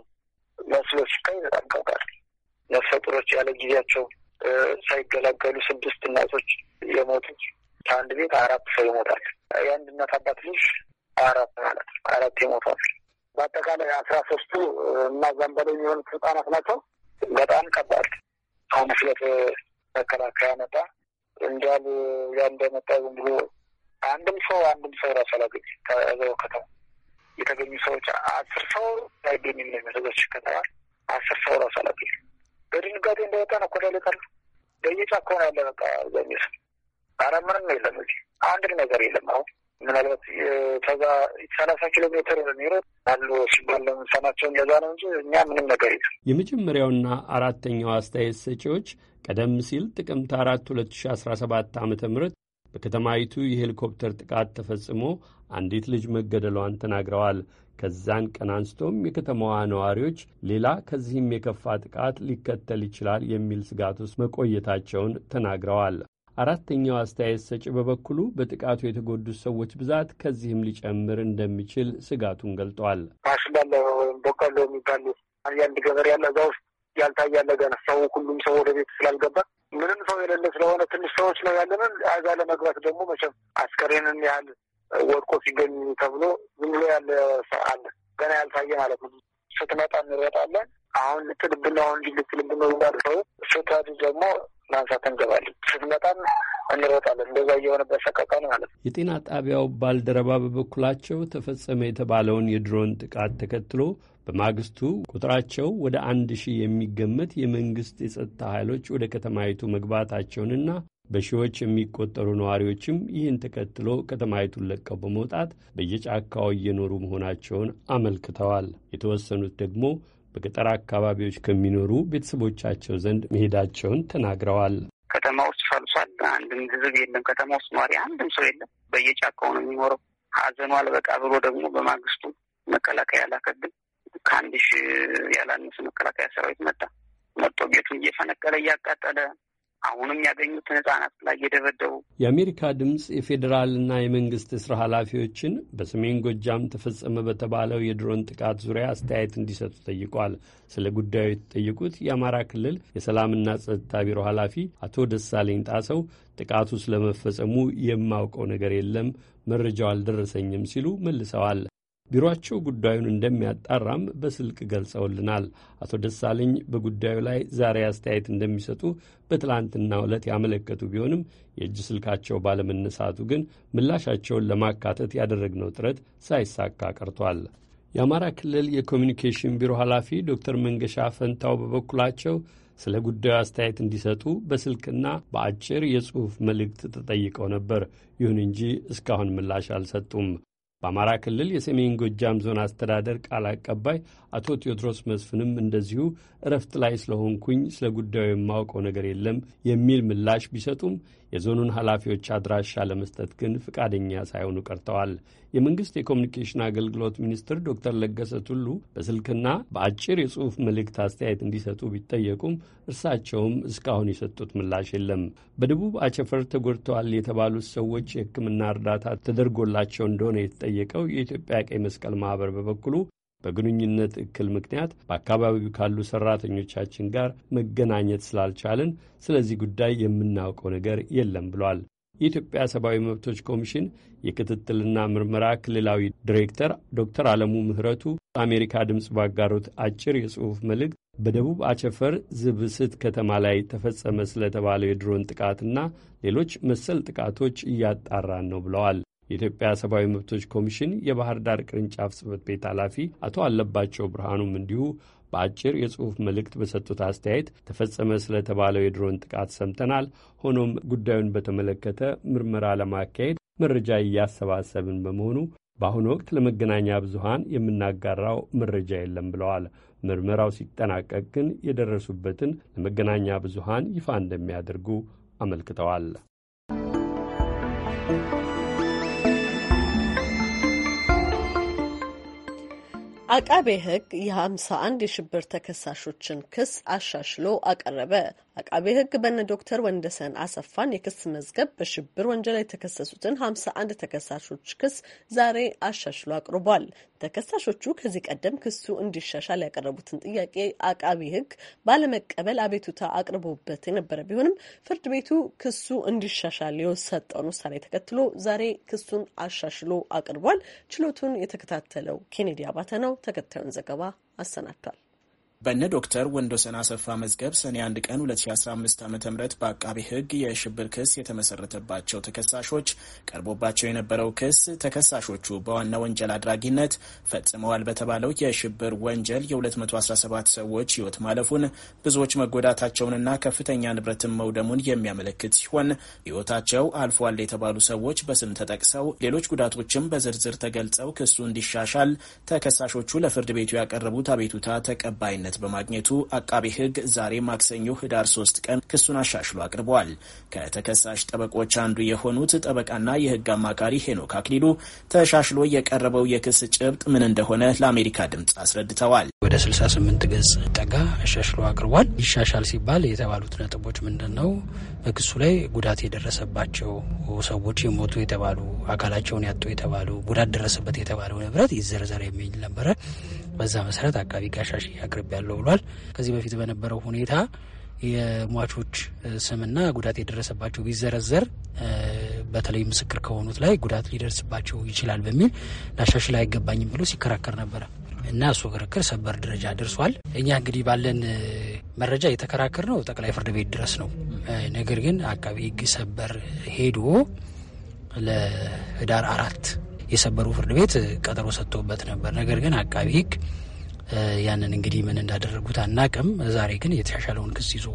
S8: መስሎ ሲታይ በጣም ቀውቃል። ነፍሰ ጡሮች ያለ ጊዜያቸው ሳይገላገሉ ስድስት እናቶች የሞቱት ከአንድ ቤት አራት ሰው ይሞታል። የአንድ እናት አባት ልጅ አራት ማለት አራት ይሞታል። በአጠቃላይ አስራ ሶስቱ እና እዛም በላይ የሚሆኑት ህጻናት ናቸው። በጣም ከባድ አሁን ስለት መከላከያ መጣ እንዲያሉ ያ እንደመጣ ዝም ብሎ አንድም ሰው አንድም ሰው ራሱ አላገኝ ከዛው ከተማ የተገኙ ሰዎች አስር ሰው ላይገኝ የሚመዘገች ከተማ አስር ሰው ራሱ አላገኝ በድንጋጤ እንደወጣ ነው ኮዳ ሌቃሉ በየጫካው ነው ያለ በቃ አብዛኛው ኧረ ምንም የለም እዚህ አንድ ነገር የለም። አሁን ምናልባት ከዛ ሰላሳ ኪሎ ሜትር
S9: ኒሮ አሉ ሲባል ለምንሰማቸውን ለዛ ነው እንጂ እኛ ምንም ነገር የለም። የመጀመሪያውና አራተኛው አስተያየት ሰጪዎች ቀደም ሲል ጥቅምት አራት ሁለት ሺ አስራ ሰባት ዓመተ ምህረት በከተማይቱ የሄሊኮፕተር ጥቃት ተፈጽሞ አንዲት ልጅ መገደሏን ተናግረዋል። ከዛን ቀን አንስቶም የከተማዋ ነዋሪዎች ሌላ ከዚህም የከፋ ጥቃት ሊከተል ይችላል የሚል ስጋት ውስጥ መቆየታቸውን ተናግረዋል። አራተኛው አስተያየት ሰጪ በበኩሉ በጥቃቱ የተጎዱት ሰዎች ብዛት ከዚህም ሊጨምር እንደሚችል ስጋቱን ገልጧል። ማሽላ
S8: ወይም በቀሎ የሚባል አንድ ገበሬ ያለ እዛ ውስጥ ያልታየ ገና ሰው ሁሉም ሰው ወደ ቤት ስላልገባ ምንም ሰው የሌለ ስለሆነ ትንሽ ሰዎች ነው ያለንን። አዛ ለመግባት ደግሞ መቼም አስከሬንን ያህል ወድቆ ሲገኝ ተብሎ ዝም ብሎ ያለ ሰው አለ ገና ያልታየ ማለት ነው። ስትመጣ እንረጣለን። አሁን ልትልብና አሁን ልትልብነ ሰው ስታድ ደግሞ ማንሳት እንገባለን። ስትመጣም እንሮጣለን። እንደዛ እየሆነበት
S9: ነው ማለት ነው። የጤና ጣቢያው ባልደረባ በበኩላቸው ተፈጸመ የተባለውን የድሮን ጥቃት ተከትሎ በማግስቱ ቁጥራቸው ወደ አንድ ሺህ የሚገመት የመንግስት የጸጥታ ኃይሎች ወደ ከተማይቱ መግባታቸውንና በሺዎች የሚቆጠሩ ነዋሪዎችም ይህን ተከትሎ ከተማይቱን ለቀው በመውጣት በየጫካው እየኖሩ መሆናቸውን አመልክተዋል። የተወሰኑት ደግሞ በገጠር አካባቢዎች ከሚኖሩ ቤተሰቦቻቸው ዘንድ መሄዳቸውን ተናግረዋል። ከተማ ውስጥ ፈልሷል።
S2: አንድም ህዝብ የለም። ከተማ ውስጥ ኗሪ አንድም ሰው የለም። በየጫካው ነው የሚኖረው። ሀዘኑ አልበቃ ብሎ ደግሞ በማግስቱ መከላከያ ላከብን። ከአንድ ሺህ ያላነስ መከላከያ ሰራዊት መጣ መጥቶ ቤቱን እየፈነቀለ እያቃጠለ አሁንም ያገኙትን ህጻናት ላይ እየደበደቡ
S9: የአሜሪካ ድምፅ የፌዴራልና የመንግስት ስራ ኃላፊዎችን በሰሜን ጎጃም ተፈጸመ በተባለው የድሮን ጥቃት ዙሪያ አስተያየት እንዲሰጡ ጠይቋል። ስለ ጉዳዩ የተጠየቁት የአማራ ክልል የሰላምና ጸጥታ ቢሮ ኃላፊ አቶ ደሳለኝ ጣሰው ጥቃቱ ስለመፈጸሙ የማውቀው ነገር የለም፣ መረጃው አልደረሰኝም ሲሉ መልሰዋል። ቢሮአቸው ጉዳዩን እንደሚያጣራም በስልክ ገልጸውልናል። አቶ ደሳለኝ በጉዳዩ ላይ ዛሬ አስተያየት እንደሚሰጡ በትላንትናው ዕለት ያመለከቱ ቢሆንም የእጅ ስልካቸው ባለመነሳቱ ግን ምላሻቸውን ለማካተት ያደረግነው ጥረት ሳይሳካ ቀርቷል። የአማራ ክልል የኮሚኒኬሽን ቢሮ ኃላፊ ዶክተር መንገሻ ፈንታው በበኩላቸው ስለ ጉዳዩ አስተያየት እንዲሰጡ በስልክና በአጭር የጽሑፍ መልእክት ተጠይቀው ነበር። ይሁን እንጂ እስካሁን ምላሽ አልሰጡም። በአማራ ክልል የሰሜን ጎጃም ዞን አስተዳደር ቃል አቀባይ አቶ ቴዎድሮስ መስፍንም እንደዚሁ እረፍት ላይ ስለሆንኩኝ ስለ ጉዳዩ የማውቀው ነገር የለም የሚል ምላሽ ቢሰጡም የዞኑን ኃላፊዎች አድራሻ ለመስጠት ግን ፈቃደኛ ሳይሆኑ ቀርተዋል። የመንግስት የኮሚኒኬሽን አገልግሎት ሚኒስትር ዶክተር ለገሰ ቱሉ በስልክና በአጭር የጽሑፍ መልእክት አስተያየት እንዲሰጡ ቢጠየቁም እርሳቸውም እስካሁን የሰጡት ምላሽ የለም። በደቡብ አቸፈር ተጎድተዋል የተባሉት ሰዎች የሕክምና እርዳታ ተደርጎላቸው እንደሆነ የተጠየቀው የኢትዮጵያ ቀይ መስቀል ማህበር በበኩሉ በግንኙነት እክል ምክንያት በአካባቢው ካሉ ሰራተኞቻችን ጋር መገናኘት ስላልቻልን ስለዚህ ጉዳይ የምናውቀው ነገር የለም ብሏል። የኢትዮጵያ ሰብአዊ መብቶች ኮሚሽን የክትትልና ምርመራ ክልላዊ ዲሬክተር ዶክተር አለሙ ምህረቱ አሜሪካ ድምፅ ባጋሩት አጭር የጽሑፍ መልእክት በደቡብ አቸፈር ዝብስት ከተማ ላይ ተፈጸመ ስለተባለው የድሮን ጥቃትና ሌሎች መሰል ጥቃቶች እያጣራን ነው ብለዋል። የኢትዮጵያ ሰብአዊ መብቶች ኮሚሽን የባህር ዳር ቅርንጫፍ ጽህፈት ቤት ኃላፊ አቶ አለባቸው ብርሃኑም እንዲሁ በአጭር የጽሑፍ መልእክት በሰጡት አስተያየት ተፈጸመ ስለተባለው የድሮን ጥቃት ሰምተናል። ሆኖም ጉዳዩን በተመለከተ ምርመራ ለማካሄድ መረጃ እያሰባሰብን በመሆኑ በአሁኑ ወቅት ለመገናኛ ብዙሃን የምናጋራው መረጃ የለም ብለዋል። ምርመራው ሲጠናቀቅ ግን የደረሱበትን ለመገናኛ ብዙሃን ይፋ እንደሚያደርጉ አመልክተዋል።
S1: አቃቤ ህግ የ51 የሽብር ተከሳሾችን ክስ አሻሽሎ አቀረበ። አቃቤ ሕግ በነ ዶክተር ወንደሰን አሰፋን የክስ መዝገብ በሽብር ወንጀል የተከሰሱትን ሀምሳ አንድ ተከሳሾች ክስ ዛሬ አሻሽሎ አቅርቧል። ተከሳሾቹ ከዚህ ቀደም ክሱ እንዲሻሻል ያቀረቡትን ጥያቄ አቃቢ ሕግ ባለመቀበል አቤቱታ አቅርቦበት የነበረ ቢሆንም ፍርድ ቤቱ ክሱ እንዲሻሻል የሰጠውን ውሳኔ ተከትሎ ዛሬ ክሱን አሻሽሎ አቅርቧል። ችሎቱን የተከታተለው ኬኔዲ አባተ ነው። ተከታዩን ዘገባ አሰናድቷል።
S5: በነ ዶክተር ወንዶሰን አሰፋ መዝገብ ሰኔ 1 ቀን 2015 ዓ ም በአቃቢ ህግ የሽብር ክስ የተመሰረተባቸው ተከሳሾች ቀርቦባቸው የነበረው ክስ ተከሳሾቹ በዋና ወንጀል አድራጊነት ፈጽመዋል በተባለው የሽብር ወንጀል የ217 ሰዎች ህይወት ማለፉን ብዙዎች መጎዳታቸውንና ከፍተኛ ንብረትን መውደሙን የሚያመለክት ሲሆን ህይወታቸው አልፏል የተባሉ ሰዎች በስም ተጠቅሰው ሌሎች ጉዳቶችም በዝርዝር ተገልጸው ክሱ እንዲሻሻል ተከሳሾቹ ለፍርድ ቤቱ ያቀረቡት አቤቱታ ተቀባይነት ተቀባይነት በማግኘቱ አቃቢ ሕግ ዛሬ ማክሰኞ ህዳር ሶስት ቀን ክሱን አሻሽሎ አቅርበዋል። ከተከሳሽ ጠበቆች አንዱ የሆኑት ጠበቃና የህግ አማካሪ ሄኖክ አክሊሉ ተሻሽሎ የቀረበው የክስ ጭብጥ ምን እንደሆነ ለአሜሪካ ድምፅ አስረድተዋል።
S10: ወደ 68 ገጽ ጠጋ አሻሽሎ አቅርቧል። ይሻሻል ሲባል የተባሉት ነጥቦች ምንድን ነው? በክሱ ላይ ጉዳት የደረሰባቸው ሰዎች የሞቱ የተባሉ አካላቸውን ያጡ የተባሉ ጉዳት ደረሰበት የተባለው ንብረት ይዘረዘር የሚል ነበረ። በዛ መሰረት አቃቢ ጋሻሽ አቅርብ ያለው ብሏል። ከዚህ በፊት በነበረው ሁኔታ የሟቾች ስምና ጉዳት የደረሰባቸው ቢዘረዘር በተለይ ምስክር ከሆኑት ላይ ጉዳት ሊደርስባቸው ይችላል በሚል ላሻሽል አይገባኝም ብሎ ሲከራከር ነበረ እና እሱ ክርክር ሰበር ደረጃ ደርሷል። እኛ እንግዲህ ባለን መረጃ የተከራከር ነው ጠቅላይ ፍርድ ቤት ድረስ ነው። ነገር ግን አቃቢ ሕግ ሰበር ሄዶ ለህዳር አራት የሰበሩ ፍርድ ቤት ቀጠሮ ሰጥቶበት ነበር። ነገር ግን አቃቢ ህግ ያንን እንግዲህ ምን እንዳደረጉት አናቅም። ዛሬ ግን የተሻሻለውን ክስ ይዞ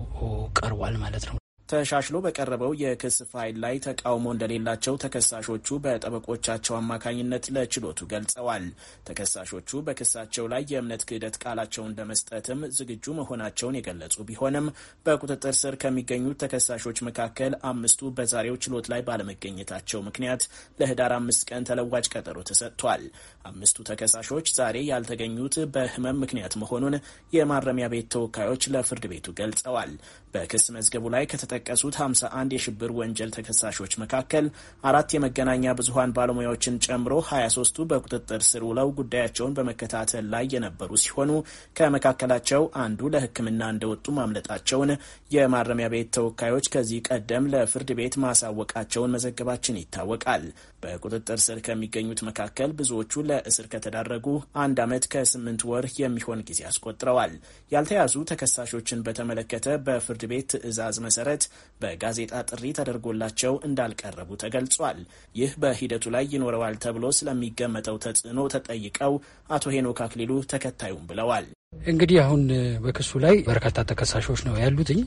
S10: ቀርቧል ማለት ነው።
S5: ተሻሽሎ በቀረበው የክስ ፋይል ላይ ተቃውሞ እንደሌላቸው ተከሳሾቹ በጠበቆቻቸው አማካኝነት ለችሎቱ ገልጸዋል። ተከሳሾቹ በክሳቸው ላይ የእምነት ክህደት ቃላቸውን ለመስጠትም ዝግጁ መሆናቸውን የገለጹ ቢሆንም በቁጥጥር ስር ከሚገኙት ተከሳሾች መካከል አምስቱ በዛሬው ችሎት ላይ ባለመገኘታቸው ምክንያት ለህዳር አምስት ቀን ተለዋጭ ቀጠሮ ተሰጥቷል። አምስቱ ተከሳሾች ዛሬ ያልተገኙት በህመም ምክንያት መሆኑን የማረሚያ ቤት ተወካዮች ለፍርድ ቤቱ ገልጸዋል። በክስ መዝገቡ ላይ ከተጠቀሱት 51 የሽብር ወንጀል ተከሳሾች መካከል አራት የመገናኛ ብዙሀን ባለሙያዎችን ጨምሮ 23ቱ በቁጥጥር ስር ውለው ጉዳያቸውን በመከታተል ላይ የነበሩ ሲሆኑ ከመካከላቸው አንዱ ለሕክምና እንደወጡ ማምለጣቸውን የማረሚያ ቤት ተወካዮች ከዚህ ቀደም ለፍርድ ቤት ማሳወቃቸውን መዘገባችን ይታወቃል። በቁጥጥር ስር ከሚገኙት መካከል ብዙዎቹ ለእስር ከተዳረጉ አንድ ዓመት ከስምንት ወር የሚሆን ጊዜ አስቆጥረዋል። ያልተያዙ ተከሳሾችን በተመለከተ በፍርድ ቤት ትዕዛዝ መሰረት በጋዜጣ ጥሪ ተደርጎላቸው እንዳልቀረቡ ተገልጿል። ይህ በሂደቱ ላይ ይኖረዋል ተብሎ ስለሚገመተው ተጽዕኖ ተጠይቀው አቶ ሄኖክ አክሊሉ ተከታዩም ብለዋል።
S10: እንግዲህ አሁን በክሱ ላይ በርካታ ተከሳሾች ነው ያሉትኝ።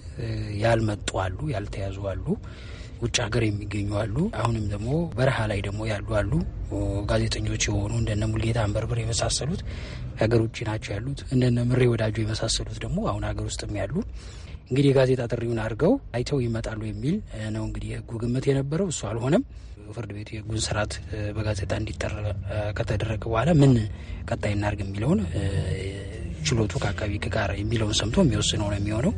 S10: ያልመጡ አሉ፣ ያልተያዙ አሉ ውጭ ሀገር የሚገኙ አሉ። አሁንም ደግሞ በረሃ ላይ ደግሞ ያሉ አሉ። ጋዜጠኞች የሆኑ እንደነ ሙልጌታ አንበርብር የመሳሰሉት ሀገር ውጭ ናቸው ያሉት። እንደነ ምሬ ወዳጁ የመሳሰሉት ደግሞ አሁን ሀገር ውስጥም ያሉ እንግዲህ የጋዜጣ ጥሪውን አድርገው አይተው ይመጣሉ የሚል ነው እንግዲህ የህጉ ግምት የነበረው። እሱ አልሆነም። ፍርድ ቤቱ የህጉን ስርዓት በጋዜጣ እንዲጠራ ከተደረገ በኋላ ምን ቀጣይ እናርግ የሚለውን ችሎቱ ከአቃቢ ህግ ጋር የሚለውን ሰምቶ የሚወስነው ነው የሚሆነው።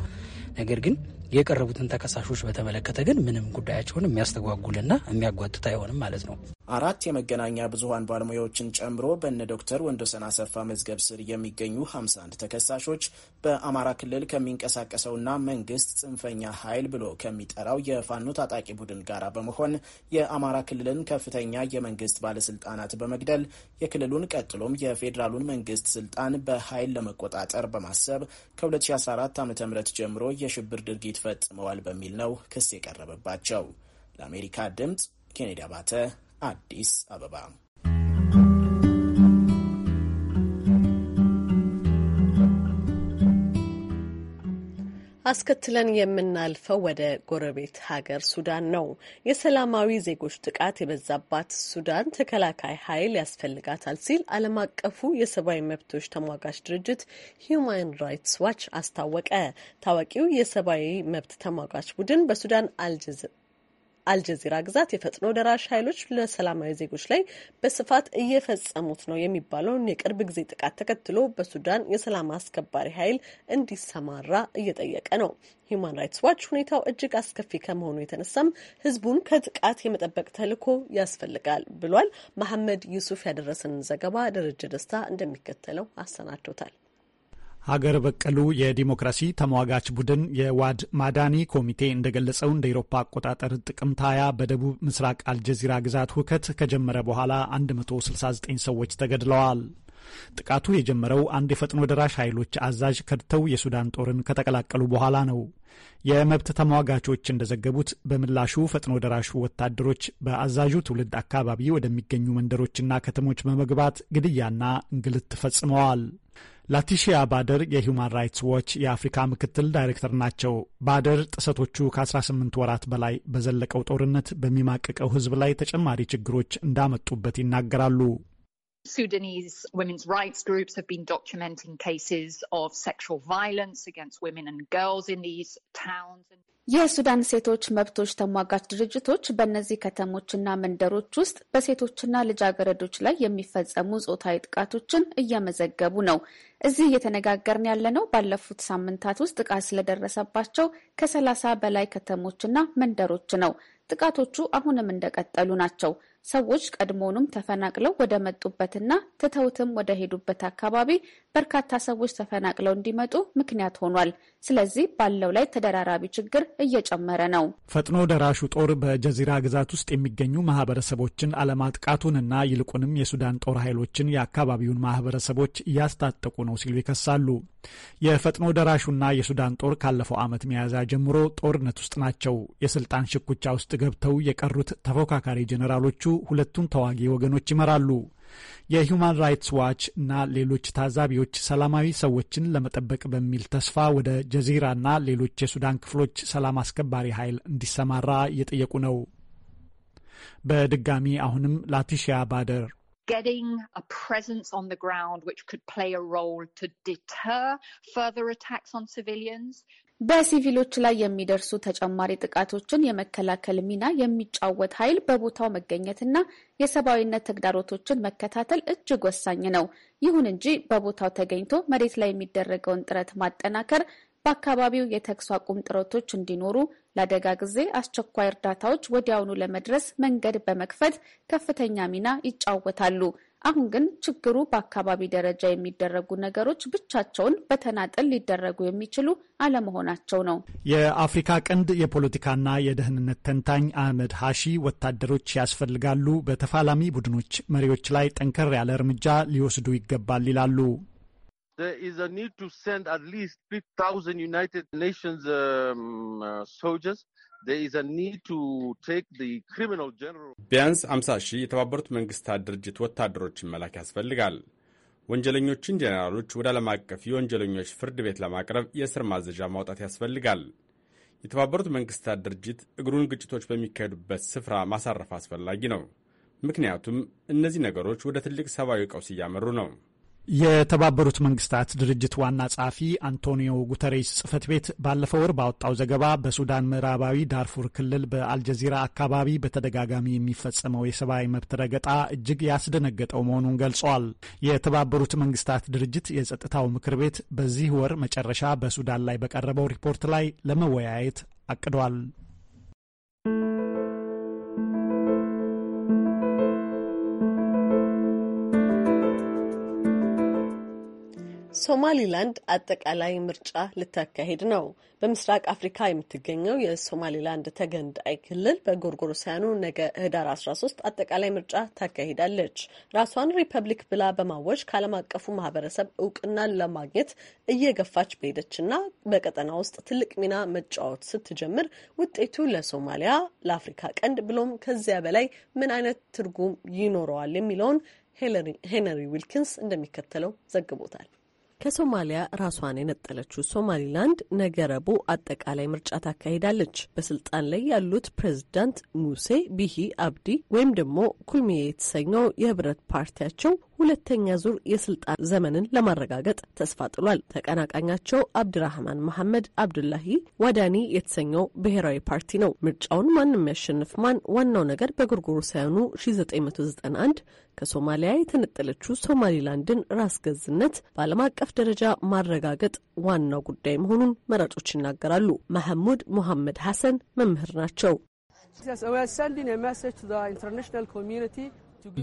S10: ነገር ግን የቀረቡትን ተከሳሾች በተመለከተ ግን ምንም ጉዳያቸውን የሚያስተጓጉልና የሚያጓትት አይሆንም ማለት ነው።
S5: አራት የመገናኛ ብዙሀን ባለሙያዎችን ጨምሮ በነ ዶክተር ወንዶሰን አሰፋ መዝገብ ስር የሚገኙ 51 ተከሳሾች በአማራ ክልል ከሚንቀሳቀሰውና መንግስት ጽንፈኛ ኃይል ብሎ ከሚጠራው የፋኖ ታጣቂ ቡድን ጋር በመሆን የአማራ ክልልን ከፍተኛ የመንግስት ባለስልጣናት በመግደል የክልሉን ቀጥሎም የፌዴራሉን መንግስት ስልጣን በኃይል ለመቆጣጠር በማሰብ ከ2014 ዓ ም ጀምሮ የሽብር ድርጊት ፈጽመዋል በሚል ነው ክስ የቀረበባቸው። ለአሜሪካ ድምፅ ኬኔዲ አባተ አዲስ አበባ።
S1: አስከትለን የምናልፈው ወደ ጎረቤት ሀገር ሱዳን ነው። የሰላማዊ ዜጎች ጥቃት የበዛባት ሱዳን ተከላካይ ኃይል ያስፈልጋታል ሲል ዓለም አቀፉ የሰብአዊ መብቶች ተሟጋች ድርጅት ሂዩማን ራይትስ ዋች አስታወቀ። ታዋቂው የሰብአዊ መብት ተሟጋች ቡድን በሱዳን አልጀዚራ አልጀዚራ ግዛት የፈጥኖ ደራሽ ኃይሎች ለሰላማዊ ዜጎች ላይ በስፋት እየፈጸሙት ነው የሚባለውን የቅርብ ጊዜ ጥቃት ተከትሎ በሱዳን የሰላም አስከባሪ ኃይል እንዲሰማራ እየጠየቀ ነው። ሂዩማን ራይትስ ዋች ሁኔታው እጅግ አስከፊ ከመሆኑ የተነሳም ህዝቡን ከጥቃት የመጠበቅ ተልዕኮ ያስፈልጋል ብሏል። መሐመድ ዩሱፍ ያደረሰንን ዘገባ ደረጀ ደስታ እንደሚከተለው አሰናድቶታል።
S11: ሀገር በቀሉ የዲሞክራሲ ተሟጋች ቡድን የዋድ ማዳኒ ኮሚቴ እንደገለጸው እንደ ኤሮፓ አቆጣጠር ጥቅምት 20 በደቡብ ምስራቅ አልጀዚራ ግዛት ሁከት ከጀመረ በኋላ 169 ሰዎች ተገድለዋል። ጥቃቱ የጀመረው አንድ የፈጥኖ ደራሽ ኃይሎች አዛዥ ከድተው የሱዳን ጦርን ከተቀላቀሉ በኋላ ነው። የመብት ተሟጋቾች እንደዘገቡት በምላሹ ፈጥኖ ደራሹ ወታደሮች በአዛዡ ትውልድ አካባቢ ወደሚገኙ መንደሮችና ከተሞች በመግባት ግድያና እንግልት ፈጽመዋል። ላቲሺያ ባደር የሁማን ራይትስ ዎች የአፍሪካ ምክትል ዳይሬክተር ናቸው። ባደር ጥሰቶቹ ከ18 ወራት በላይ በዘለቀው ጦርነት በሚማቅቀው ሕዝብ ላይ ተጨማሪ ችግሮች እንዳመጡበት ይናገራሉ። Sudanese women's rights groups have been documenting cases of sexual violence against women and girls in these towns.
S12: የሱዳን ሴቶች መብቶች ተሟጋች ድርጅቶች በእነዚህ ከተሞችና መንደሮች ውስጥ በሴቶችና ልጃገረዶች ላይ የሚፈጸሙ ጾታዊ ጥቃቶችን እየመዘገቡ ነው። እዚህ እየተነጋገርን ያለነው ባለፉት ሳምንታት ውስጥ ጥቃት ስለደረሰባቸው ከሰላሳ በላይ ከተሞችና መንደሮች ነው። ጥቃቶቹ አሁንም እንደቀጠሉ ናቸው። ሰዎች ቀድሞውንም ተፈናቅለው ወደ መጡበትና ትተውትም ወደ ሄዱበት አካባቢ በርካታ ሰዎች ተፈናቅለው እንዲመጡ ምክንያት ሆኗል። ስለዚህ ባለው ላይ ተደራራቢ ችግር እየጨመረ ነው።
S11: ፈጥኖ ደራሹ ጦር በጀዚራ ግዛት ውስጥ የሚገኙ ማህበረሰቦችን አለማጥቃቱንና ይልቁንም የሱዳን ጦር ኃይሎችን የአካባቢውን ማህበረሰቦች እያስታጠቁ ነው ሲሉ ይከሳሉ። የፈጥኖ ደራሹና የሱዳን ጦር ካለፈው ዓመት ሚያዝያ ጀምሮ ጦርነት ውስጥ ናቸው። የስልጣን ሽኩቻ ውስጥ ገብተው የቀሩት ተፎካካሪ ጀነራሎቹ ሁለቱን ተዋጊ ወገኖች ይመራሉ። የሁማን ራይትስ ዋች እና ሌሎች ታዛቢዎች ሰላማዊ ሰዎችን ለመጠበቅ በሚል ተስፋ ወደ ጀዚራ እና ሌሎች የሱዳን ክፍሎች ሰላም አስከባሪ ኃይል እንዲሰማራ እየጠየቁ ነው። በድጋሚ አሁንም ላቲሺያ ባደር getting a presence on the ground which could play a role
S12: to deter further attacks on civilians. በሲቪሎች ላይ የሚደርሱ ተጨማሪ ጥቃቶችን የመከላከል ሚና የሚጫወት ኃይል በቦታው መገኘትና የሰብአዊነት ተግዳሮቶችን መከታተል እጅግ ወሳኝ ነው። ይሁን እንጂ በቦታው ተገኝቶ መሬት ላይ የሚደረገውን ጥረት ማጠናከር በአካባቢው የተኩስ አቁም ጥረቶች እንዲኖሩ ለአደጋ ጊዜ አስቸኳይ እርዳታዎች ወዲያውኑ ለመድረስ መንገድ በመክፈት ከፍተኛ ሚና ይጫወታሉ። አሁን ግን ችግሩ በአካባቢ ደረጃ የሚደረጉ ነገሮች ብቻቸውን በተናጠል ሊደረጉ የሚችሉ አለመሆናቸው ነው።
S11: የአፍሪካ ቀንድ የፖለቲካና የደህንነት ተንታኝ አህመድ ሀሺ ወታደሮች ያስፈልጋሉ፣ በተፋላሚ ቡድኖች መሪዎች ላይ ጠንከር ያለ እርምጃ ሊወስዱ ይገባል ይላሉ።
S4: there
S3: is a need to send at least 5,000 United Nations um, uh, soldiers. There is a need to take the criminal general.
S4: ቢያንስ 50 ሺህ የተባበሩት መንግስታት ድርጅት ወታደሮችን መላክ ያስፈልጋል። ወንጀለኞችን ጄኔራሎች ወደ ዓለም አቀፍ የወንጀለኞች ፍርድ ቤት ለማቅረብ የእስር ማዘዣ ማውጣት ያስፈልጋል። የተባበሩት መንግስታት ድርጅት እግሩን ግጭቶች በሚካሄዱበት ስፍራ ማሳረፍ አስፈላጊ ነው። ምክንያቱም እነዚህ ነገሮች ወደ ትልቅ ሰብአዊ ቀውስ እያመሩ ነው።
S11: የተባበሩት መንግስታት ድርጅት ዋና ጸሐፊ አንቶኒዮ ጉተሬስ ጽህፈት ቤት ባለፈው ወር ባወጣው ዘገባ በሱዳን ምዕራባዊ ዳርፉር ክልል በአልጀዚራ አካባቢ በተደጋጋሚ የሚፈጸመው የሰብአዊ መብት ረገጣ እጅግ ያስደነገጠው መሆኑን ገልጿል። የተባበሩት መንግስታት ድርጅት የጸጥታው ምክር ቤት በዚህ ወር መጨረሻ በሱዳን ላይ በቀረበው ሪፖርት ላይ ለመወያየት
S2: አቅዷል።
S1: ሶማሊላንድ አጠቃላይ ምርጫ ልታካሄድ ነው። በምስራቅ አፍሪካ የምትገኘው የሶማሊላንድ ተገንዳይ ክልል በጎርጎሮሳያኑ ነገ ህዳር 13 አጠቃላይ ምርጫ ታካሂዳለች። ራሷን ሪፐብሊክ ብላ በማወጅ ከዓለም አቀፉ ማህበረሰብ እውቅና ለማግኘት እየገፋች በሄደችና በቀጠና ውስጥ ትልቅ ሚና መጫወት ስትጀምር ውጤቱ ለሶማሊያ፣ ለአፍሪካ ቀንድ ብሎም ከዚያ በላይ ምን አይነት ትርጉም ይኖረዋል የሚለውን ሄነሪ ዊልኪንስ እንደሚከተለው ዘግቦታል። ከሶማሊያ ራሷን የነጠለችው ሶማሊላንድ ነገ ረቡዕ አጠቃላይ ምርጫ ታካሂዳለች። በስልጣን ላይ ያሉት ፕሬዚዳንት ሙሴ ቢሂ አብዲ ወይም ደግሞ ኩልሚዬ የተሰኘው የህብረት ፓርቲያቸው ሁለተኛ ዙር የስልጣን ዘመንን ለማረጋገጥ ተስፋ ጥሏል። ተቀናቃኛቸው አብድራህማን መሐመድ አብዱላሂ ዋዳኒ የተሰኘው ብሔራዊ ፓርቲ ነው። ምርጫውን ማንም ያሸንፍ ማን፣ ዋናው ነገር በጎርጎሮሳውያኑ 1991 ከሶማሊያ የተነጠለችው ሶማሊላንድን ራስ ገዝነት በዓለም አቀፍ ደረጃ ማረጋገጥ ዋናው ጉዳይ መሆኑን መራጮች ይናገራሉ። መሐሙድ ሙሐመድ ሐሰን መምህር ናቸው።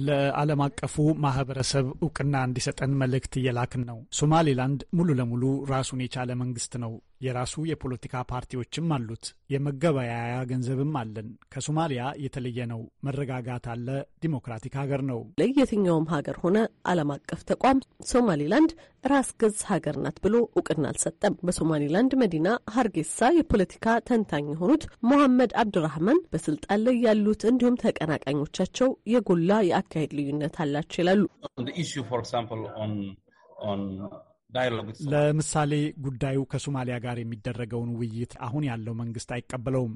S11: ለዓለም አቀፉ ማህበረሰብ እውቅና እንዲሰጠን መልእክት እየላክን ነው። ሶማሌላንድ ሙሉ ለሙሉ ራሱን የቻለ መንግስት ነው። የራሱ የፖለቲካ ፓርቲዎችም አሉት። የመገበያያ ገንዘብም አለን። ከሶማሊያ የተለየ ነው። መረጋጋት አለ።
S1: ዲሞክራቲክ ሀገር ነው። ለየትኛውም ሀገር ሆነ ዓለም አቀፍ ተቋም ሶማሊላንድ ራስ ገዝ ሀገር ናት ብሎ እውቅና አልሰጠም። በሶማሊላንድ መዲና ሀርጌሳ የፖለቲካ ተንታኝ የሆኑት ሞሐመድ አብድራህማን በስልጣን ላይ ያሉት እንዲሁም ተቀናቃኞቻቸው የጎላ የአካሄድ ልዩነት አላቸው ይላሉ።
S11: ለምሳሌ ጉዳዩ ከሶማሊያ ጋር የሚደረገውን ውይይት አሁን ያለው መንግስት አይቀበለውም።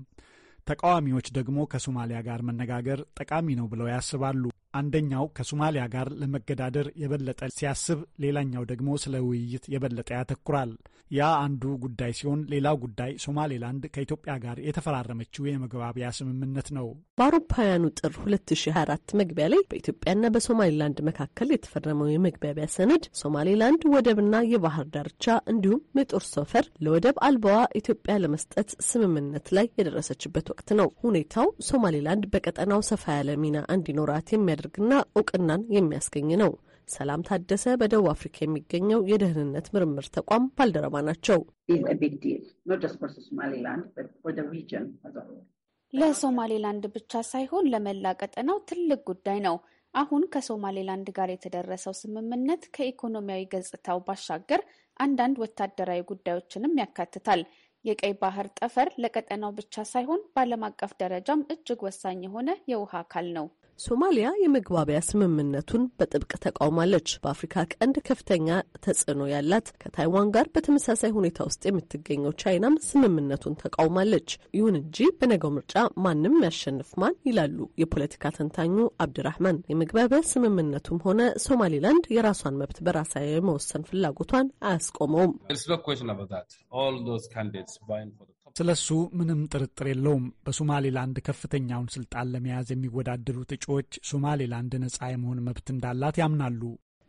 S11: ተቃዋሚዎች ደግሞ ከሶማሊያ ጋር መነጋገር ጠቃሚ ነው ብለው ያስባሉ። አንደኛው ከሶማሊያ ጋር ለመገዳደር የበለጠ ሲያስብ፣ ሌላኛው ደግሞ ስለ ውይይት የበለጠ ያተኩራል። ያ አንዱ ጉዳይ ሲሆን፣ ሌላው ጉዳይ ሶማሌላንድ ከኢትዮጵያ ጋር የተፈራረመችው የመግባቢያ ስምምነት ነው።
S1: በአውሮፓውያኑ ጥር 2024 መግቢያ ላይ በኢትዮጵያና በሶማሌላንድ መካከል የተፈረመው የመግባቢያ ሰነድ ሶማሌላንድ ወደብና የባህር ዳርቻ እንዲሁም የጦር ሰፈር ለወደብ አልባዋ ኢትዮጵያ ለመስጠት ስምምነት ላይ የደረሰችበት ወቅት ነው። ሁኔታው ሶማሌላንድ በቀጠናው ሰፋ ያለ ሚና እንዲኖራት የሚያደ የሚያደርግና እውቅናን የሚያስገኝ ነው። ሰላም ታደሰ በደቡብ አፍሪካ የሚገኘው የደህንነት ምርምር ተቋም ባልደረባ ናቸው።
S12: ለሶማሌላንድ ብቻ ሳይሆን ለመላ ቀጠናው ትልቅ ጉዳይ ነው። አሁን ከሶማሌላንድ ጋር የተደረሰው ስምምነት ከኢኮኖሚያዊ ገጽታው ባሻገር አንዳንድ ወታደራዊ ጉዳዮችንም ያካትታል። የቀይ ባህር ጠፈር ለቀጠናው ብቻ ሳይሆን በዓለም አቀፍ ደረጃም እጅግ ወሳኝ የሆነ የውሃ አካል ነው። ሶማሊያ
S1: የመግባቢያ ስምምነቱን በጥብቅ ተቃውማለች። በአፍሪካ ቀንድ ከፍተኛ ተጽዕኖ ያላት ከታይዋን ጋር በተመሳሳይ ሁኔታ ውስጥ የምትገኘው ቻይናም ስምምነቱን ተቃውማለች። ይሁን እንጂ በነገው ምርጫ ማንም ያሸንፍ ማን ይላሉ የፖለቲካ ተንታኙ አብድራህማን። የመግባቢያ ስምምነቱም ሆነ ሶማሊላንድ የራሷን መብት በራሳ የመወሰን ፍላጎቷን አያስቆመውም። ስለ እሱ ምንም
S11: ጥርጥር የለውም። በሶማሌላንድ ከፍተኛውን ስልጣን ለመያዝ የሚወዳደሩት እጩዎች ሶማሌላንድ ነጻ የመሆን መብት እንዳላት ያምናሉ።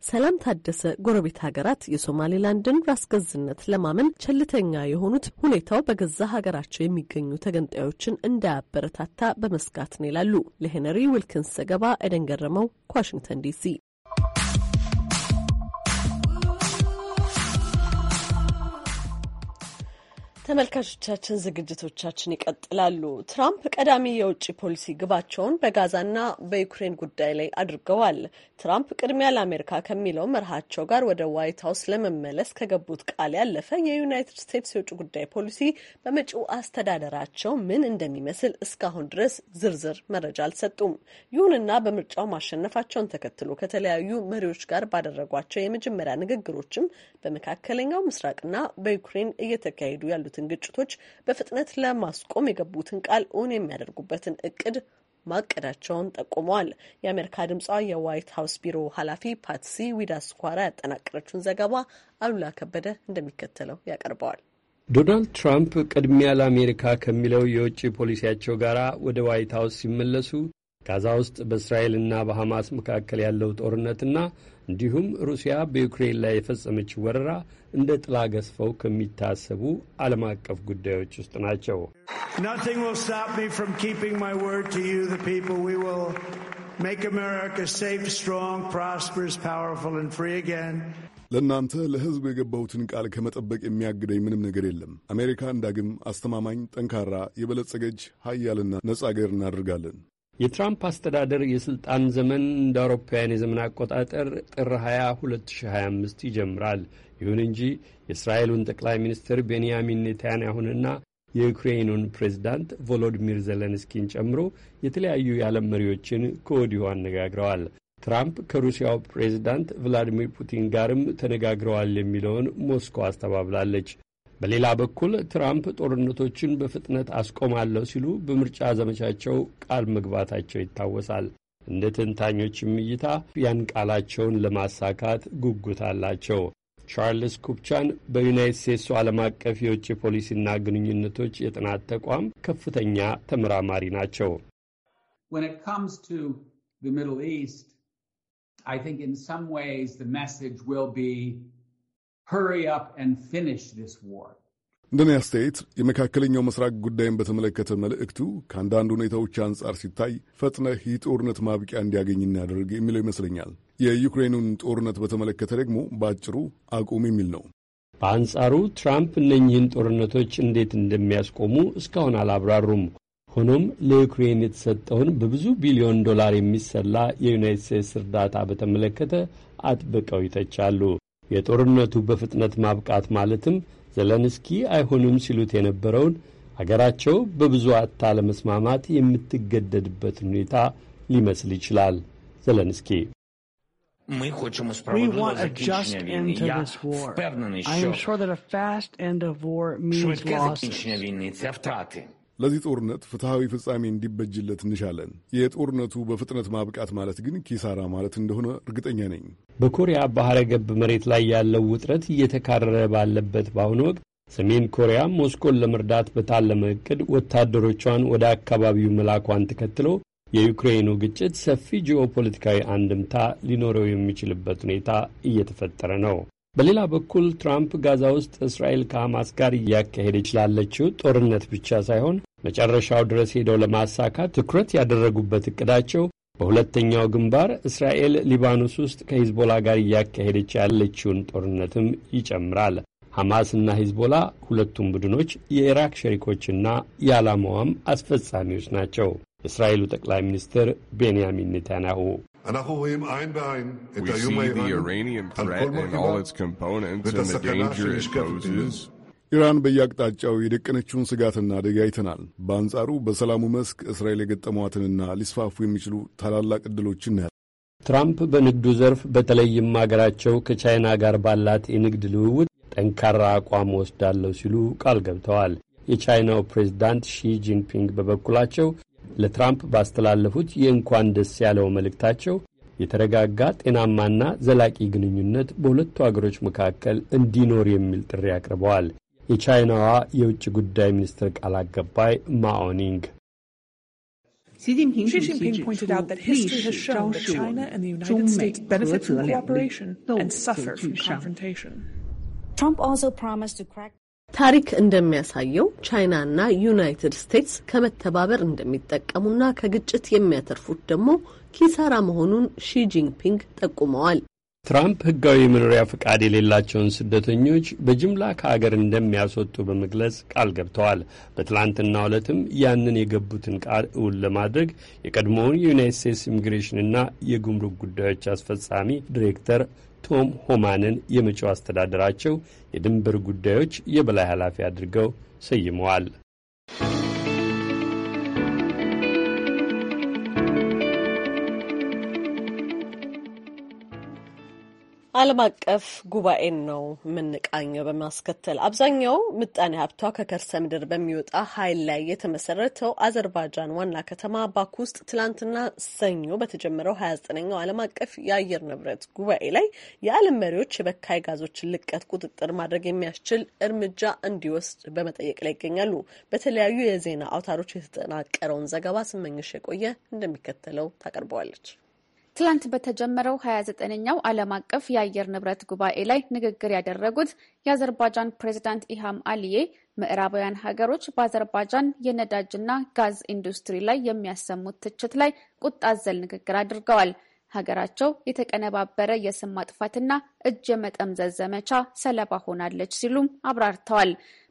S1: ሰላም ታደሰ ጎረቤት ሀገራት የሶማሌላንድን ራስ ገዝነት ለማመን ቸልተኛ የሆኑት ሁኔታው በገዛ ሀገራቸው የሚገኙ ተገንጣዮችን እንዳያበረታታ በመስጋት ነው ይላሉ። ለሄነሪ ዊልኪንስ ዘገባ ኤደን ገረመው ከዋሽንግተን ዲሲ ተመልካቾቻችን ዝግጅቶቻችን ይቀጥላሉ። ትራምፕ ቀዳሚ የውጭ ፖሊሲ ግባቸውን በጋዛና በዩክሬን ጉዳይ ላይ አድርገዋል። ትራምፕ ቅድሚያ ለአሜሪካ ከሚለው መርሃቸው ጋር ወደ ዋይት ሀውስ ለመመለስ ከገቡት ቃል ያለፈ የዩናይትድ ስቴትስ የውጭ ጉዳይ ፖሊሲ በመጪው አስተዳደራቸው ምን እንደሚመስል እስካሁን ድረስ ዝርዝር መረጃ አልሰጡም። ይሁንና በምርጫው ማሸነፋቸውን ተከትሎ ከተለያዩ መሪዎች ጋር ባደረጓቸው የመጀመሪያ ንግግሮችም በመካከለኛው ምስራቅና በዩክሬን እየተካሄዱ ያሉት የሚደርሱትን ግጭቶች በፍጥነት ለማስቆም የገቡትን ቃል እውን የሚያደርጉበትን እቅድ ማቀዳቸውን ጠቁመዋል። የአሜሪካ ድምጿ የዋይት ሀውስ ቢሮ ኃላፊ ፓትሲ ዊዳስኳራ ያጠናቀረችውን ዘገባ አሉላ ከበደ እንደሚከተለው ያቀርበዋል።
S9: ዶናልድ ትራምፕ ቅድሚያ ለአሜሪካ ከሚለው የውጭ ፖሊሲያቸው ጋር ወደ ዋይት ሀውስ ሲመለሱ ጋዛ ውስጥ በእስራኤልና በሐማስ መካከል ያለው ጦርነትና እንዲሁም ሩሲያ በዩክሬን ላይ የፈጸመች ወረራ እንደ ጥላ ገዝፈው ከሚታሰቡ ዓለም አቀፍ ጉዳዮች ውስጥ ናቸው።
S7: ለእናንተ ለሕዝብ የገባሁትን ቃል ከመጠበቅ የሚያግደኝ ምንም ነገር የለም። አሜሪካ እንዳግም አስተማማኝ፣ ጠንካራ፣
S9: የበለጸገች ሀያልና ነጻ አገር እናደርጋለን። የትራምፕ አስተዳደር የስልጣን ዘመን እንደ አውሮፓውያን የዘመን አቆጣጠር ጥር 20 2025 ይጀምራል። ይሁን እንጂ የእስራኤሉን ጠቅላይ ሚኒስትር ቤንያሚን ኔታንያሁንና የዩክሬኑን ፕሬዚዳንት ቮሎዲሚር ዘለንስኪን ጨምሮ የተለያዩ የዓለም መሪዎችን ከወዲሁ አነጋግረዋል። ትራምፕ ከሩሲያው ፕሬዚዳንት ቭላዲሚር ፑቲን ጋርም ተነጋግረዋል የሚለውን ሞስኮ አስተባብላለች። በሌላ በኩል ትራምፕ ጦርነቶችን በፍጥነት አስቆማለሁ ሲሉ በምርጫ ዘመቻቸው ቃል መግባታቸው ይታወሳል። እንደ ተንታኞችም እይታ ያን ቃላቸውን ለማሳካት ጉጉት አላቸው። ቻርልስ ኩፕቻን በዩናይት ስቴትሱ ዓለም አቀፍ የውጭ ፖሊሲና ግንኙነቶች የጥናት ተቋም ከፍተኛ ተመራማሪ ናቸው።
S3: ሚድል ኢስት
S7: እንደኔ አስተያየት የመካከለኛው ምስራቅ ጉዳይን በተመለከተ መልእክቱ ከአንዳንድ ሁኔታዎች አንጻር ሲታይ ፈጥነህ ይህ ጦርነት ማብቂያ እንዲያገኝ እናደርግ የሚለው ይመስለኛል። የዩክሬኑን ጦርነት በተመለከተ ደግሞ በአጭሩ አቁም የሚል
S9: ነው። በአንጻሩ ትራምፕ እነኚህን ጦርነቶች እንዴት እንደሚያስቆሙ እስካሁን አላብራሩም። ሆኖም ለዩክሬን የተሰጠውን በብዙ ቢሊዮን ዶላር የሚሰላ የዩናይት ስቴትስ እርዳታ በተመለከተ አጥብቀው ይተቻሉ። የጦርነቱ በፍጥነት ማብቃት ማለትም ዘለንስኪ አይሆንም ሲሉት የነበረውን አገራቸው በብዙ አታ ለመስማማት የምትገደድበት ሁኔታ ሊመስል ይችላል። ዘለንስኪ
S7: ለዚህ ጦርነት ፍትሐዊ ፍጻሜ እንዲበጅለት እንሻለን። የጦርነቱ በፍጥነት ማብቃት ማለት ግን ኪሳራ ማለት እንደሆነ እርግጠኛ ነኝ።
S9: በኮሪያ ባህረ ገብ መሬት ላይ ያለው ውጥረት እየተካረረ ባለበት በአሁኑ ወቅት ሰሜን ኮሪያ ሞስኮን ለመርዳት በታለመ እቅድ ወታደሮቿን ወደ አካባቢው መላኳን ተከትሎ የዩክሬኑ ግጭት ሰፊ ጂኦፖለቲካዊ አንድምታ ሊኖረው የሚችልበት ሁኔታ እየተፈጠረ ነው። በሌላ በኩል ትራምፕ ጋዛ ውስጥ እስራኤል ከሐማስ ጋር እያካሄደች ላለችው ጦርነት ብቻ ሳይሆን መጨረሻው ድረስ ሄደው ለማሳካት ትኩረት ያደረጉበት እቅዳቸው በሁለተኛው ግንባር እስራኤል ሊባኖስ ውስጥ ከሂዝቦላ ጋር እያካሄደች ያለችውን ጦርነትም ይጨምራል። ሐማስና ሂዝቦላ ሁለቱም ቡድኖች የኢራቅ ሸሪኮችና የዓላማዋም አስፈጻሚዎች ናቸው። የእስራኤሉ ጠቅላይ ሚኒስትር ቤንያሚን ኔታንያሁ
S7: We see the Iranian threat and all its components and the danger it poses. ኢራን በየአቅጣጫው የደቀነችውን ስጋትና አደጋ አይተናል። በአንጻሩ በሰላሙ መስክ እስራኤል የገጠሟትንና ሊስፋፉ የሚችሉ ታላላቅ ዕድሎችን ያል
S9: ትራምፕ በንግዱ ዘርፍ በተለይም አገራቸው ከቻይና ጋር ባላት የንግድ ልውውጥ ጠንካራ አቋም ወስዳለሁ ሲሉ ቃል ገብተዋል። የቻይናው ፕሬዚዳንት ሺ ጂንፒንግ በበኩላቸው ለትራምፕ ባስተላለፉት የእንኳን ደስ ያለው መልእክታቸው የተረጋጋ ጤናማና ዘላቂ ግንኙነት በሁለቱ አገሮች መካከል እንዲኖር የሚል ጥሪ አቅርበዋል። የቻይናዋ የውጭ ጉዳይ ሚኒስትር ቃል አቀባይ ማኦኒንግ
S1: ታሪክ እንደሚያሳየው ቻይናና ዩናይትድ ስቴትስ ከመተባበር እንደሚጠቀሙና ከግጭት የሚያተርፉት ደግሞ ኪሳራ መሆኑን ሺጂንፒንግ ጠቁመዋል።
S9: ትራምፕ ሕጋዊ የመኖሪያ ፈቃድ የሌላቸውን ስደተኞች በጅምላ ከአገር እንደሚያስወጡ በመግለጽ ቃል ገብተዋል። በትላንትናው ዕለትም ያንን የገቡትን ቃል እውን ለማድረግ የቀድሞውን የዩናይት ስቴትስ ኢሚግሬሽንና የጉምሩክ ጉዳዮች አስፈጻሚ ዲሬክተር ቶም ሆማንን የመጪው አስተዳደራቸው የድንበር ጉዳዮች የበላይ ኃላፊ አድርገው ሰይመዋል።
S1: ዓለም አቀፍ ጉባኤን ነው የምንቃኘው። በማስከተል አብዛኛው ምጣኔ ሀብቷ ከከርሰ ምድር በሚወጣ ኃይል ላይ የተመሰረተው አዘርባጃን ዋና ከተማ ባኩ ውስጥ ትላንትና ሰኞ በተጀመረው ሀያ ዘጠነኛው ዓለም አቀፍ የአየር ንብረት ጉባኤ ላይ የዓለም መሪዎች የበካይ ጋዞችን ልቀት ቁጥጥር ማድረግ የሚያስችል እርምጃ እንዲወስድ በመጠየቅ ላይ ይገኛሉ። በተለያዩ የዜና አውታሮች የተጠናቀረውን ዘገባ ስመኝሽ የቆየ እንደሚከተለው ታቀርበዋለች።
S12: ትላንት በተጀመረው 29ኛው ዓለም አቀፍ የአየር ንብረት ጉባኤ ላይ ንግግር ያደረጉት የአዘርባጃን ፕሬዚዳንት ኢሃም አሊዬ ምዕራባውያን ሀገሮች በአዘርባጃን የነዳጅና ጋዝ ኢንዱስትሪ ላይ የሚያሰሙት ትችት ላይ ቁጣ አዘል ንግግር አድርገዋል። ሀገራቸው የተቀነባበረ የስም ማጥፋትና እጅ የመጠምዘዝ ዘመቻ ሰለባ ሆናለች ሲሉም አብራርተዋል።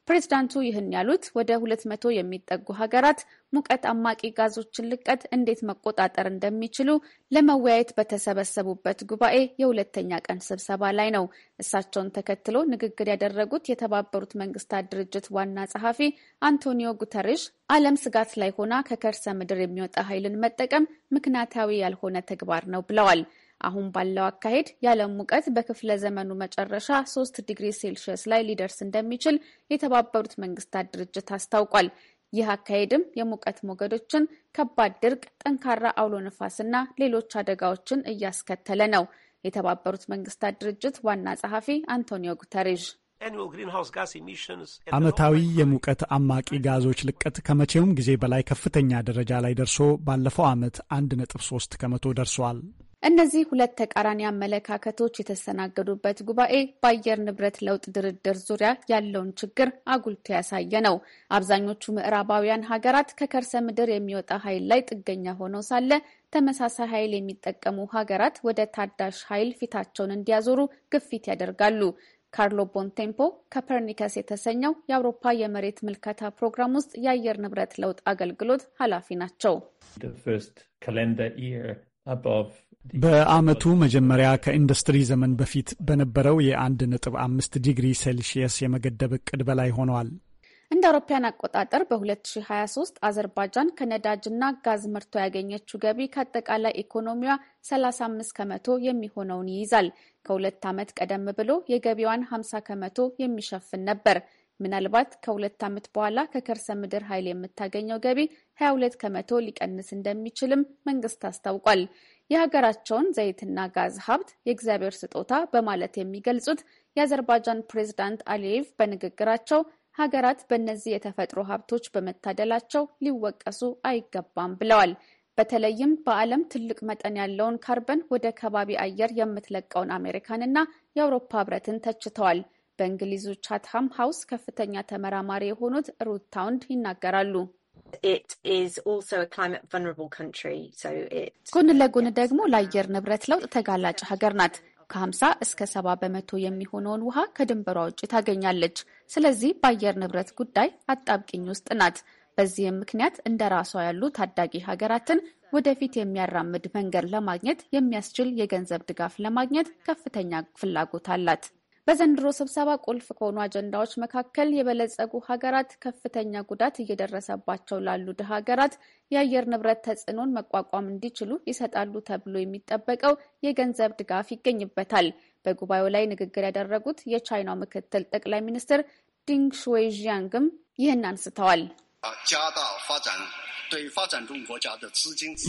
S12: ፕሬዚዳንቱ ይህን ያሉት ወደ ሁለት መቶ የሚጠጉ ሀገራት ሙቀት አማቂ ጋዞችን ልቀት እንዴት መቆጣጠር እንደሚችሉ ለመወያየት በተሰበሰቡበት ጉባኤ የሁለተኛ ቀን ስብሰባ ላይ ነው። እሳቸውን ተከትሎ ንግግር ያደረጉት የተባበሩት መንግስታት ድርጅት ዋና ጸሐፊ አንቶኒዮ ጉተሬሽ ዓለም ስጋት ላይ ሆና ከከርሰ ምድር የሚወጣ ኃይልን መጠቀም ምክንያታዊ ያልሆነ ተግባር ነው ብለዋል። አሁን ባለው አካሄድ የዓለም ሙቀት በክፍለ ዘመኑ መጨረሻ ሶስት ዲግሪ ሴልሺየስ ላይ ሊደርስ እንደሚችል የተባበሩት መንግስታት ድርጅት አስታውቋል። ይህ አካሄድም የሙቀት ሞገዶችን፣ ከባድ ድርቅ፣ ጠንካራ አውሎ ነፋስና ሌሎች አደጋዎችን እያስከተለ ነው። የተባበሩት መንግስታት ድርጅት ዋና ጸሐፊ አንቶኒዮ ጉተሬዥ
S11: ዓመታዊ የሙቀት አማቂ ጋዞች ልቀት ከመቼውም ጊዜ በላይ ከፍተኛ ደረጃ ላይ ደርሶ ባለፈው ዓመት 1.3 ከመቶ ደርሷል።
S12: እነዚህ ሁለት ተቃራኒ አመለካከቶች የተስተናገዱበት ጉባኤ በአየር ንብረት ለውጥ ድርድር ዙሪያ ያለውን ችግር አጉልቶ ያሳየ ነው። አብዛኞቹ ምዕራባውያን ሀገራት ከከርሰ ምድር የሚወጣ ኃይል ላይ ጥገኛ ሆነው ሳለ ተመሳሳይ ኃይል የሚጠቀሙ ሀገራት ወደ ታዳሽ ኃይል ፊታቸውን እንዲያዞሩ ግፊት ያደርጋሉ። ካርሎ ቦንቴምፖ ከፐርኒከስ የተሰኘው የአውሮፓ የመሬት ምልከታ ፕሮግራም ውስጥ የአየር ንብረት ለውጥ አገልግሎት ኃላፊ ናቸው።
S11: በዓመቱ መጀመሪያ ከኢንዱስትሪ ዘመን በፊት በነበረው የአንድ ነጥብ አምስት ዲግሪ ሴልሺየስ የመገደብ እቅድ በላይ ሆነዋል።
S12: እንደ አውሮፓያን አቆጣጠር በ2023 አዘርባጃን ከነዳጅና ጋዝ ምርቶ ያገኘችው ገቢ ከአጠቃላይ ኢኮኖሚዋ 35 ከመቶ የሚሆነውን ይይዛል። ከሁለት ዓመት ቀደም ብሎ የገቢዋን 50 ከመቶ የሚሸፍን ነበር። ምናልባት ከሁለት ዓመት በኋላ ከከርሰ ምድር ኃይል የምታገኘው ገቢ 22 ከመቶ ሊቀንስ እንደሚችልም መንግስት አስታውቋል። የሀገራቸውን ዘይትና ጋዝ ሀብት የእግዚአብሔር ስጦታ በማለት የሚገልጹት የአዘርባይጃን ፕሬዝዳንት አሊየቭ በንግግራቸው ሀገራት በእነዚህ የተፈጥሮ ሀብቶች በመታደላቸው ሊወቀሱ አይገባም ብለዋል። በተለይም በዓለም ትልቅ መጠን ያለውን ካርበን ወደ ከባቢ አየር የምትለቀውን አሜሪካንና የአውሮፓ ህብረትን ተችተዋል። በእንግሊዙ ቻትሃም ሀውስ ከፍተኛ ተመራማሪ የሆኑት ሩት ታውንድ ይናገራሉ። ጎን ለጎን ደግሞ ለአየር ንብረት ለውጥ ተጋላጭ ሀገር ናት። ከ50 እስከ 70 በመቶ የሚሆነውን ውሃ ከድንበሯ ውጭ ታገኛለች። ስለዚህ በአየር ንብረት ጉዳይ አጣብቂኝ ውስጥ ናት። በዚህም ምክንያት እንደ ራሷ ያሉ ታዳጊ ሀገራትን ወደፊት የሚያራምድ መንገድ ለማግኘት የሚያስችል የገንዘብ ድጋፍ ለማግኘት ከፍተኛ ፍላጎት አላት። በዘንድሮ ስብሰባ ቁልፍ ከሆኑ አጀንዳዎች መካከል የበለጸጉ ሀገራት ከፍተኛ ጉዳት እየደረሰባቸው ላሉ ድሃ ሀገራት የአየር ንብረት ተጽዕኖን መቋቋም እንዲችሉ ይሰጣሉ ተብሎ የሚጠበቀው የገንዘብ ድጋፍ ይገኝበታል። በጉባኤው ላይ ንግግር ያደረጉት የቻይናው ምክትል ጠቅላይ ሚኒስትር ዲንግ ሽዌ ይህን አንስተዋል።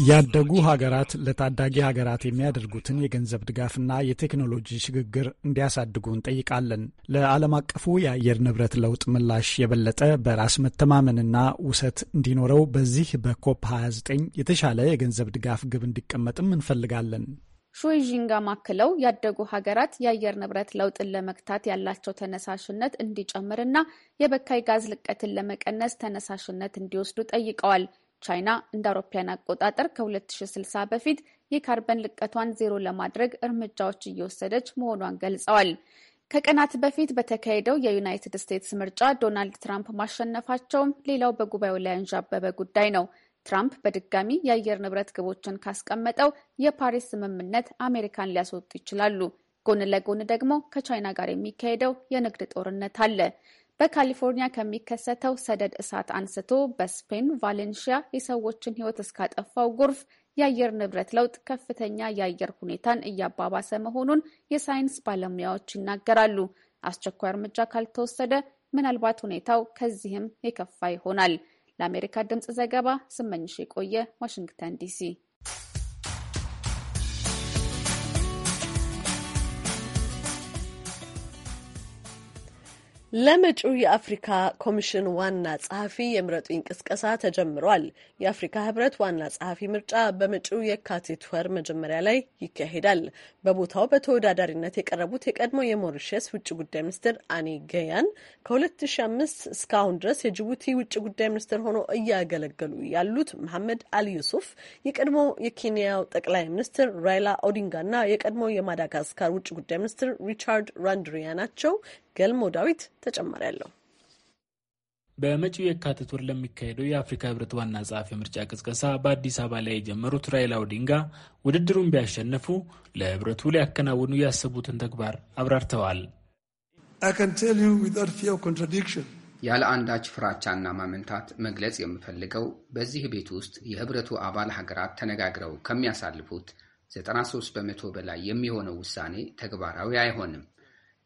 S11: ያደጉ ሀገራት ለታዳጊ ሀገራት የሚያደርጉትን የገንዘብ ድጋፍና የቴክኖሎጂ ሽግግር እንዲያሳድጉ እንጠይቃለን። ለዓለም አቀፉ የአየር ንብረት ለውጥ ምላሽ የበለጠ በራስ መተማመንና ውሰት እንዲኖረው በዚህ በኮፕ 29 የተሻለ የገንዘብ ድጋፍ ግብ እንዲቀመጥም እንፈልጋለን።
S12: ሹይዥንጋ ማክለው ያደጉ ሀገራት የአየር ንብረት ለውጥን ለመግታት ያላቸው ተነሳሽነት እንዲጨምርና የበካይ ጋዝ ልቀትን ለመቀነስ ተነሳሽነት እንዲወስዱ ጠይቀዋል። ቻይና እንደ አውሮፓያን አቆጣጠር ከ2060 በፊት የካርበን ልቀቷን ዜሮ ለማድረግ እርምጃዎች እየወሰደች መሆኗን ገልጸዋል። ከቀናት በፊት በተካሄደው የዩናይትድ ስቴትስ ምርጫ ዶናልድ ትራምፕ ማሸነፋቸውም ሌላው በጉባኤው ላይ አንዣበበ ጉዳይ ነው። ትራምፕ በድጋሚ የአየር ንብረት ግቦችን ካስቀመጠው የፓሪስ ስምምነት አሜሪካን ሊያስወጡ ይችላሉ። ጎን ለጎን ደግሞ ከቻይና ጋር የሚካሄደው የንግድ ጦርነት አለ። በካሊፎርኒያ ከሚከሰተው ሰደድ እሳት አንስቶ በስፔን ቫሌንሺያ የሰዎችን ሕይወት እስካጠፋው ጎርፍ የአየር ንብረት ለውጥ ከፍተኛ የአየር ሁኔታን እያባባሰ መሆኑን የሳይንስ ባለሙያዎች ይናገራሉ። አስቸኳይ እርምጃ ካልተወሰደ ምናልባት ሁኔታው ከዚህም የከፋ ይሆናል። ለአሜሪካ ድምፅ ዘገባ ስመኝሽ የቆየ ዋሽንግተን ዲሲ።
S1: ለመጪው የአፍሪካ ኮሚሽን ዋና ጸሐፊ የምረጡኝ ቅስቀሳ ተጀምሯል። የአፍሪካ ህብረት ዋና ጸሐፊ ምርጫ በመጪው የካቲት ወር መጀመሪያ ላይ ይካሄዳል። በቦታው በተወዳዳሪነት የቀረቡት የቀድሞ የሞሪሸስ ውጭ ጉዳይ ሚኒስትር አኒ ገያን ከ2005 እስካሁን ድረስ የጅቡቲ ውጭ ጉዳይ ሚኒስትር ሆኖ እያገለገሉ ያሉት መሐመድ አል ዩሱፍ፣ የቀድሞ የኬንያው ጠቅላይ ሚኒስትር ራይላ ኦዲንጋና የቀድሞ የማዳጋስካር ውጭ ጉዳይ ሚኒስትር ሪቻርድ ራንድሪያ ናቸው። ገልሞ ዳዊት ተጨማሪ አለው።
S13: በመጪው የካቲት ወር ለሚካሄደው የአፍሪካ ህብረት ዋና ጸሐፊ ምርጫ ቅስቀሳ በአዲስ አበባ ላይ የጀመሩት ራይላ ኦዲንጋ ውድድሩን ቢያሸንፉ ለህብረቱ ሊያከናውኑ ያሰቡትን ተግባር አብራርተዋል።
S14: ያለ አንዳች ፍራቻና ማመንታት መግለጽ የምፈልገው በዚህ ቤት ውስጥ የህብረቱ አባል ሀገራት ተነጋግረው ከሚያሳልፉት 93 በመቶ በላይ የሚሆነው ውሳኔ ተግባራዊ አይሆንም።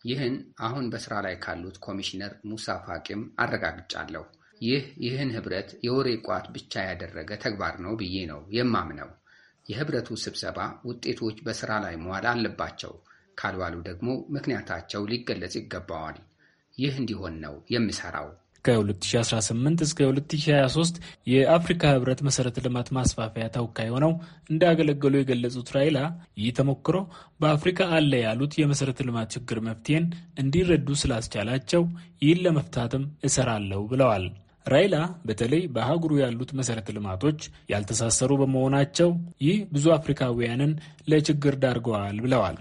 S14: ይህን አሁን በስራ ላይ ካሉት ኮሚሽነር ሙሳ ፋቂም አረጋግጫለሁ። ይህ ይህን ህብረት የወሬ ቋት ብቻ ያደረገ ተግባር ነው ብዬ ነው የማምነው። የህብረቱ ስብሰባ ውጤቶች በስራ ላይ መዋል አለባቸው፣ ካልዋሉ ደግሞ ምክንያታቸው ሊገለጽ ይገባዋል። ይህ እንዲሆን ነው የምሰራው።
S13: ከ2018 እስከ 2023 የአፍሪካ ህብረት መሰረተ ልማት ማስፋፊያ ተወካይ ሆነው እንዳገለገሉ የገለጹት ራይላ ይህ ተሞክሮ በአፍሪካ አለ ያሉት የመሰረተ ልማት ችግር መፍትሄን እንዲረዱ ስላስቻላቸው ይህን ለመፍታትም እሰራለሁ ብለዋል። ራይላ በተለይ በአህጉሩ ያሉት መሰረተ ልማቶች ያልተሳሰሩ በመሆናቸው ይህ ብዙ አፍሪካውያንን
S14: ለችግር ዳርገዋል ብለዋል።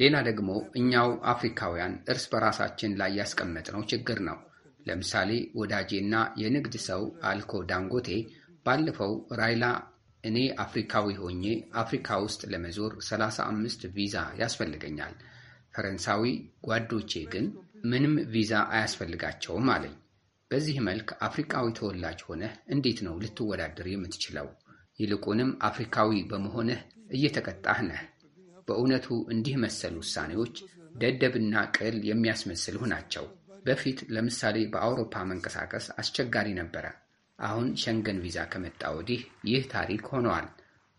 S14: ሌላ ደግሞ እኛው አፍሪካውያን እርስ በራሳችን ላይ ያስቀመጥነው ችግር ነው። ለምሳሌ ወዳጄና የንግድ ሰው አልኮ ዳንጎቴ ባለፈው ራይላ እኔ አፍሪካዊ ሆኜ አፍሪካ ውስጥ ለመዞር 35 ቪዛ ያስፈልገኛል፣ ፈረንሳዊ ጓዶቼ ግን ምንም ቪዛ አያስፈልጋቸውም አለኝ። በዚህ መልክ አፍሪካዊ ተወላጅ ሆነህ እንዴት ነው ልትወዳደር የምትችለው? ይልቁንም አፍሪካዊ በመሆንህ እየተቀጣህ ነህ። በእውነቱ እንዲህ መሰል ውሳኔዎች ደደብና ቅል የሚያስመስልሁ ናቸው። በፊት ለምሳሌ በአውሮፓ መንቀሳቀስ አስቸጋሪ ነበረ። አሁን ሸንገን ቪዛ ከመጣ ወዲህ ይህ ታሪክ ሆነዋል።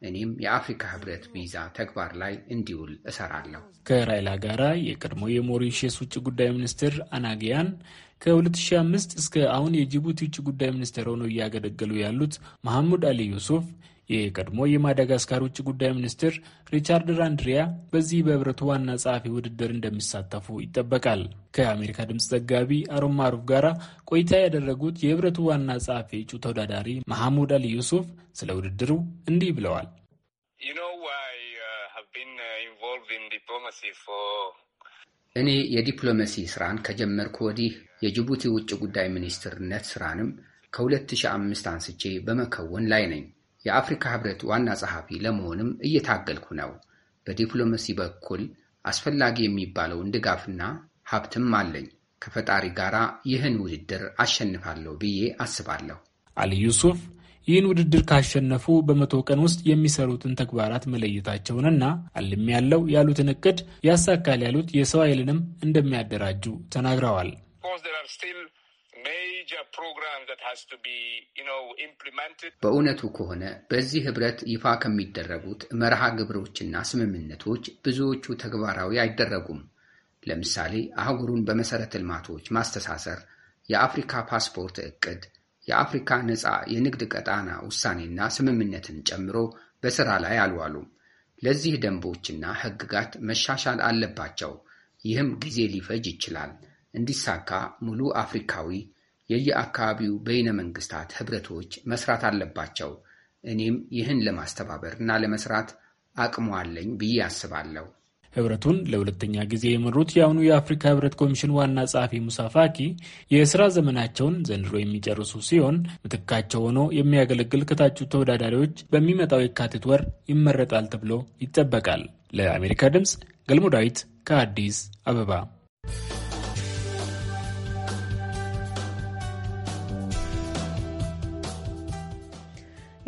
S14: እኔም የአፍሪካ ህብረት ቪዛ ተግባር ላይ እንዲውል እሰራለሁ።
S13: ከራይላ ጋራ የቀድሞ የሞሪሽስ ውጭ ጉዳይ ሚኒስትር አናጊያን ከ2005 እስከ አሁን የጅቡቲ ውጭ ጉዳይ ሚኒስትር ሆነው እያገለገሉ ያሉት መሐሙድ አሊ ዩሱፍ የቀድሞ የማዳጋስካር ውጭ ጉዳይ ሚኒስትር ሪቻርድ ራንድሪያ በዚህ በህብረቱ ዋና ጸሐፊ ውድድር እንደሚሳተፉ ይጠበቃል። ከአሜሪካ ድምፅ ዘጋቢ አሮን ማሩፍ ጋር ቆይታ ያደረጉት የህብረቱ ዋና ጸሐፊ እጩ ተወዳዳሪ መሐሙድ አሊ ዩሱፍ ስለ ውድድሩ እንዲህ ብለዋል።
S7: uh, uh,
S14: እኔ የዲፕሎማሲ ስራን ከጀመርኩ ወዲህ የጅቡቲ ውጭ ጉዳይ ሚኒስትርነት ስራንም ከ2005 አንስቼ በመከወን ላይ ነኝ። የአፍሪካ ህብረት ዋና ጸሐፊ ለመሆንም እየታገልኩ ነው። በዲፕሎማሲ በኩል አስፈላጊ የሚባለውን ድጋፍና ሀብትም አለኝ። ከፈጣሪ ጋር ይህን ውድድር አሸንፋለሁ ብዬ አስባለሁ። አሊ ዩሱፍ ይህን ውድድር ካሸነፉ በመቶ ቀን ውስጥ የሚሰሩትን ተግባራት
S13: መለየታቸውንና አልም ያለው ያሉትን እቅድ ያሳካል ያሉት የሰው ኃይልንም
S14: እንደሚያደራጁ ተናግረዋል። በእውነቱ ከሆነ በዚህ ህብረት ይፋ ከሚደረጉት መርሃ ግብሮችና ስምምነቶች ብዙዎቹ ተግባራዊ አይደረጉም። ለምሳሌ አህጉሩን በመሠረተ ልማቶች ማስተሳሰር፣ የአፍሪካ ፓስፖርት ዕቅድ፣ የአፍሪካ ነፃ የንግድ ቀጣና ውሳኔና ስምምነትን ጨምሮ በሥራ ላይ አልዋሉም። ለዚህ ደንቦችና ህግጋት መሻሻል አለባቸው። ይህም ጊዜ ሊፈጅ ይችላል። እንዲሳካ ሙሉ አፍሪካዊ የየአካባቢው በይነ መንግስታት ህብረቶች መስራት አለባቸው። እኔም ይህን ለማስተባበር እና ለመስራት አቅሙ አለኝ ብዬ አስባለሁ።
S13: ህብረቱን ለሁለተኛ ጊዜ የመሩት የአሁኑ የአፍሪካ ህብረት ኮሚሽን ዋና ጸሐፊ ሙሳፋኪ የስራ ዘመናቸውን ዘንድሮ የሚጨርሱ ሲሆን ምትካቸው ሆኖ የሚያገለግል ከታጩ ተወዳዳሪዎች በሚመጣው የካቲት ወር ይመረጣል ተብሎ ይጠበቃል። ለአሜሪካ ድምፅ ገልሞ ዳዊት ከአዲስ አበባ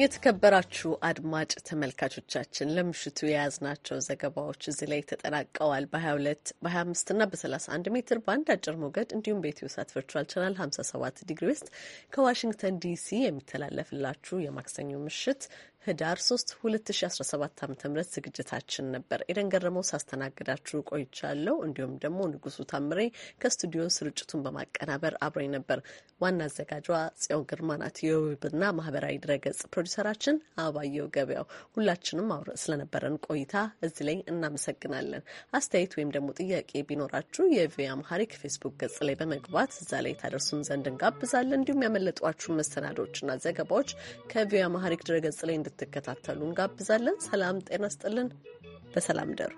S1: የተከበራችሁ አድማጭ ተመልካቾቻችን ለምሽቱ የያዝናቸው ዘገባዎች እዚህ ላይ ተጠናቀዋል። በ22 በ25 እና በ31 ሜትር በአንድ አጭር ሞገድ እንዲሁም በኢትዮ ሳት ቨርቹዋል ቻናል 57 ዲግሪ ዌስት ከዋሽንግተን ዲሲ የሚተላለፍላችሁ የማክሰኞ ምሽት ህዳር 3 2017 ዓ ም ዝግጅታችን ነበር። ኤደን ገረመው ሳስተናግዳችሁ ቆይቻለሁ። እንዲሁም ደግሞ ንጉሱ ታምሬ ከስቱዲዮ ስርጭቱን በማቀናበር አብረኝ ነበር። ዋና አዘጋጇ ጽዮን ግርማ ናት። የውብና ማህበራዊ ድረገጽ ፕሮዲሰራችን አባየው ገበያው። ሁላችንም አብረ ስለነበረን ቆይታ እዚህ ላይ እናመሰግናለን። አስተያየት ወይም ደግሞ ጥያቄ ቢኖራችሁ የቪ አምሃሪክ ፌስቡክ ገጽ ላይ በመግባት እዛ ላይ ታደርሱን ዘንድ እንጋብዛለን። እንዲሁም ያመለጧችሁ መሰናዶዎችና ዘገባዎች ከቪ አምሃሪክ ድረገጽ ላይ እንድትከታተሉ እንጋብዛለን። ሰላም ጤና ስጥልን። በሰላም ደሩ።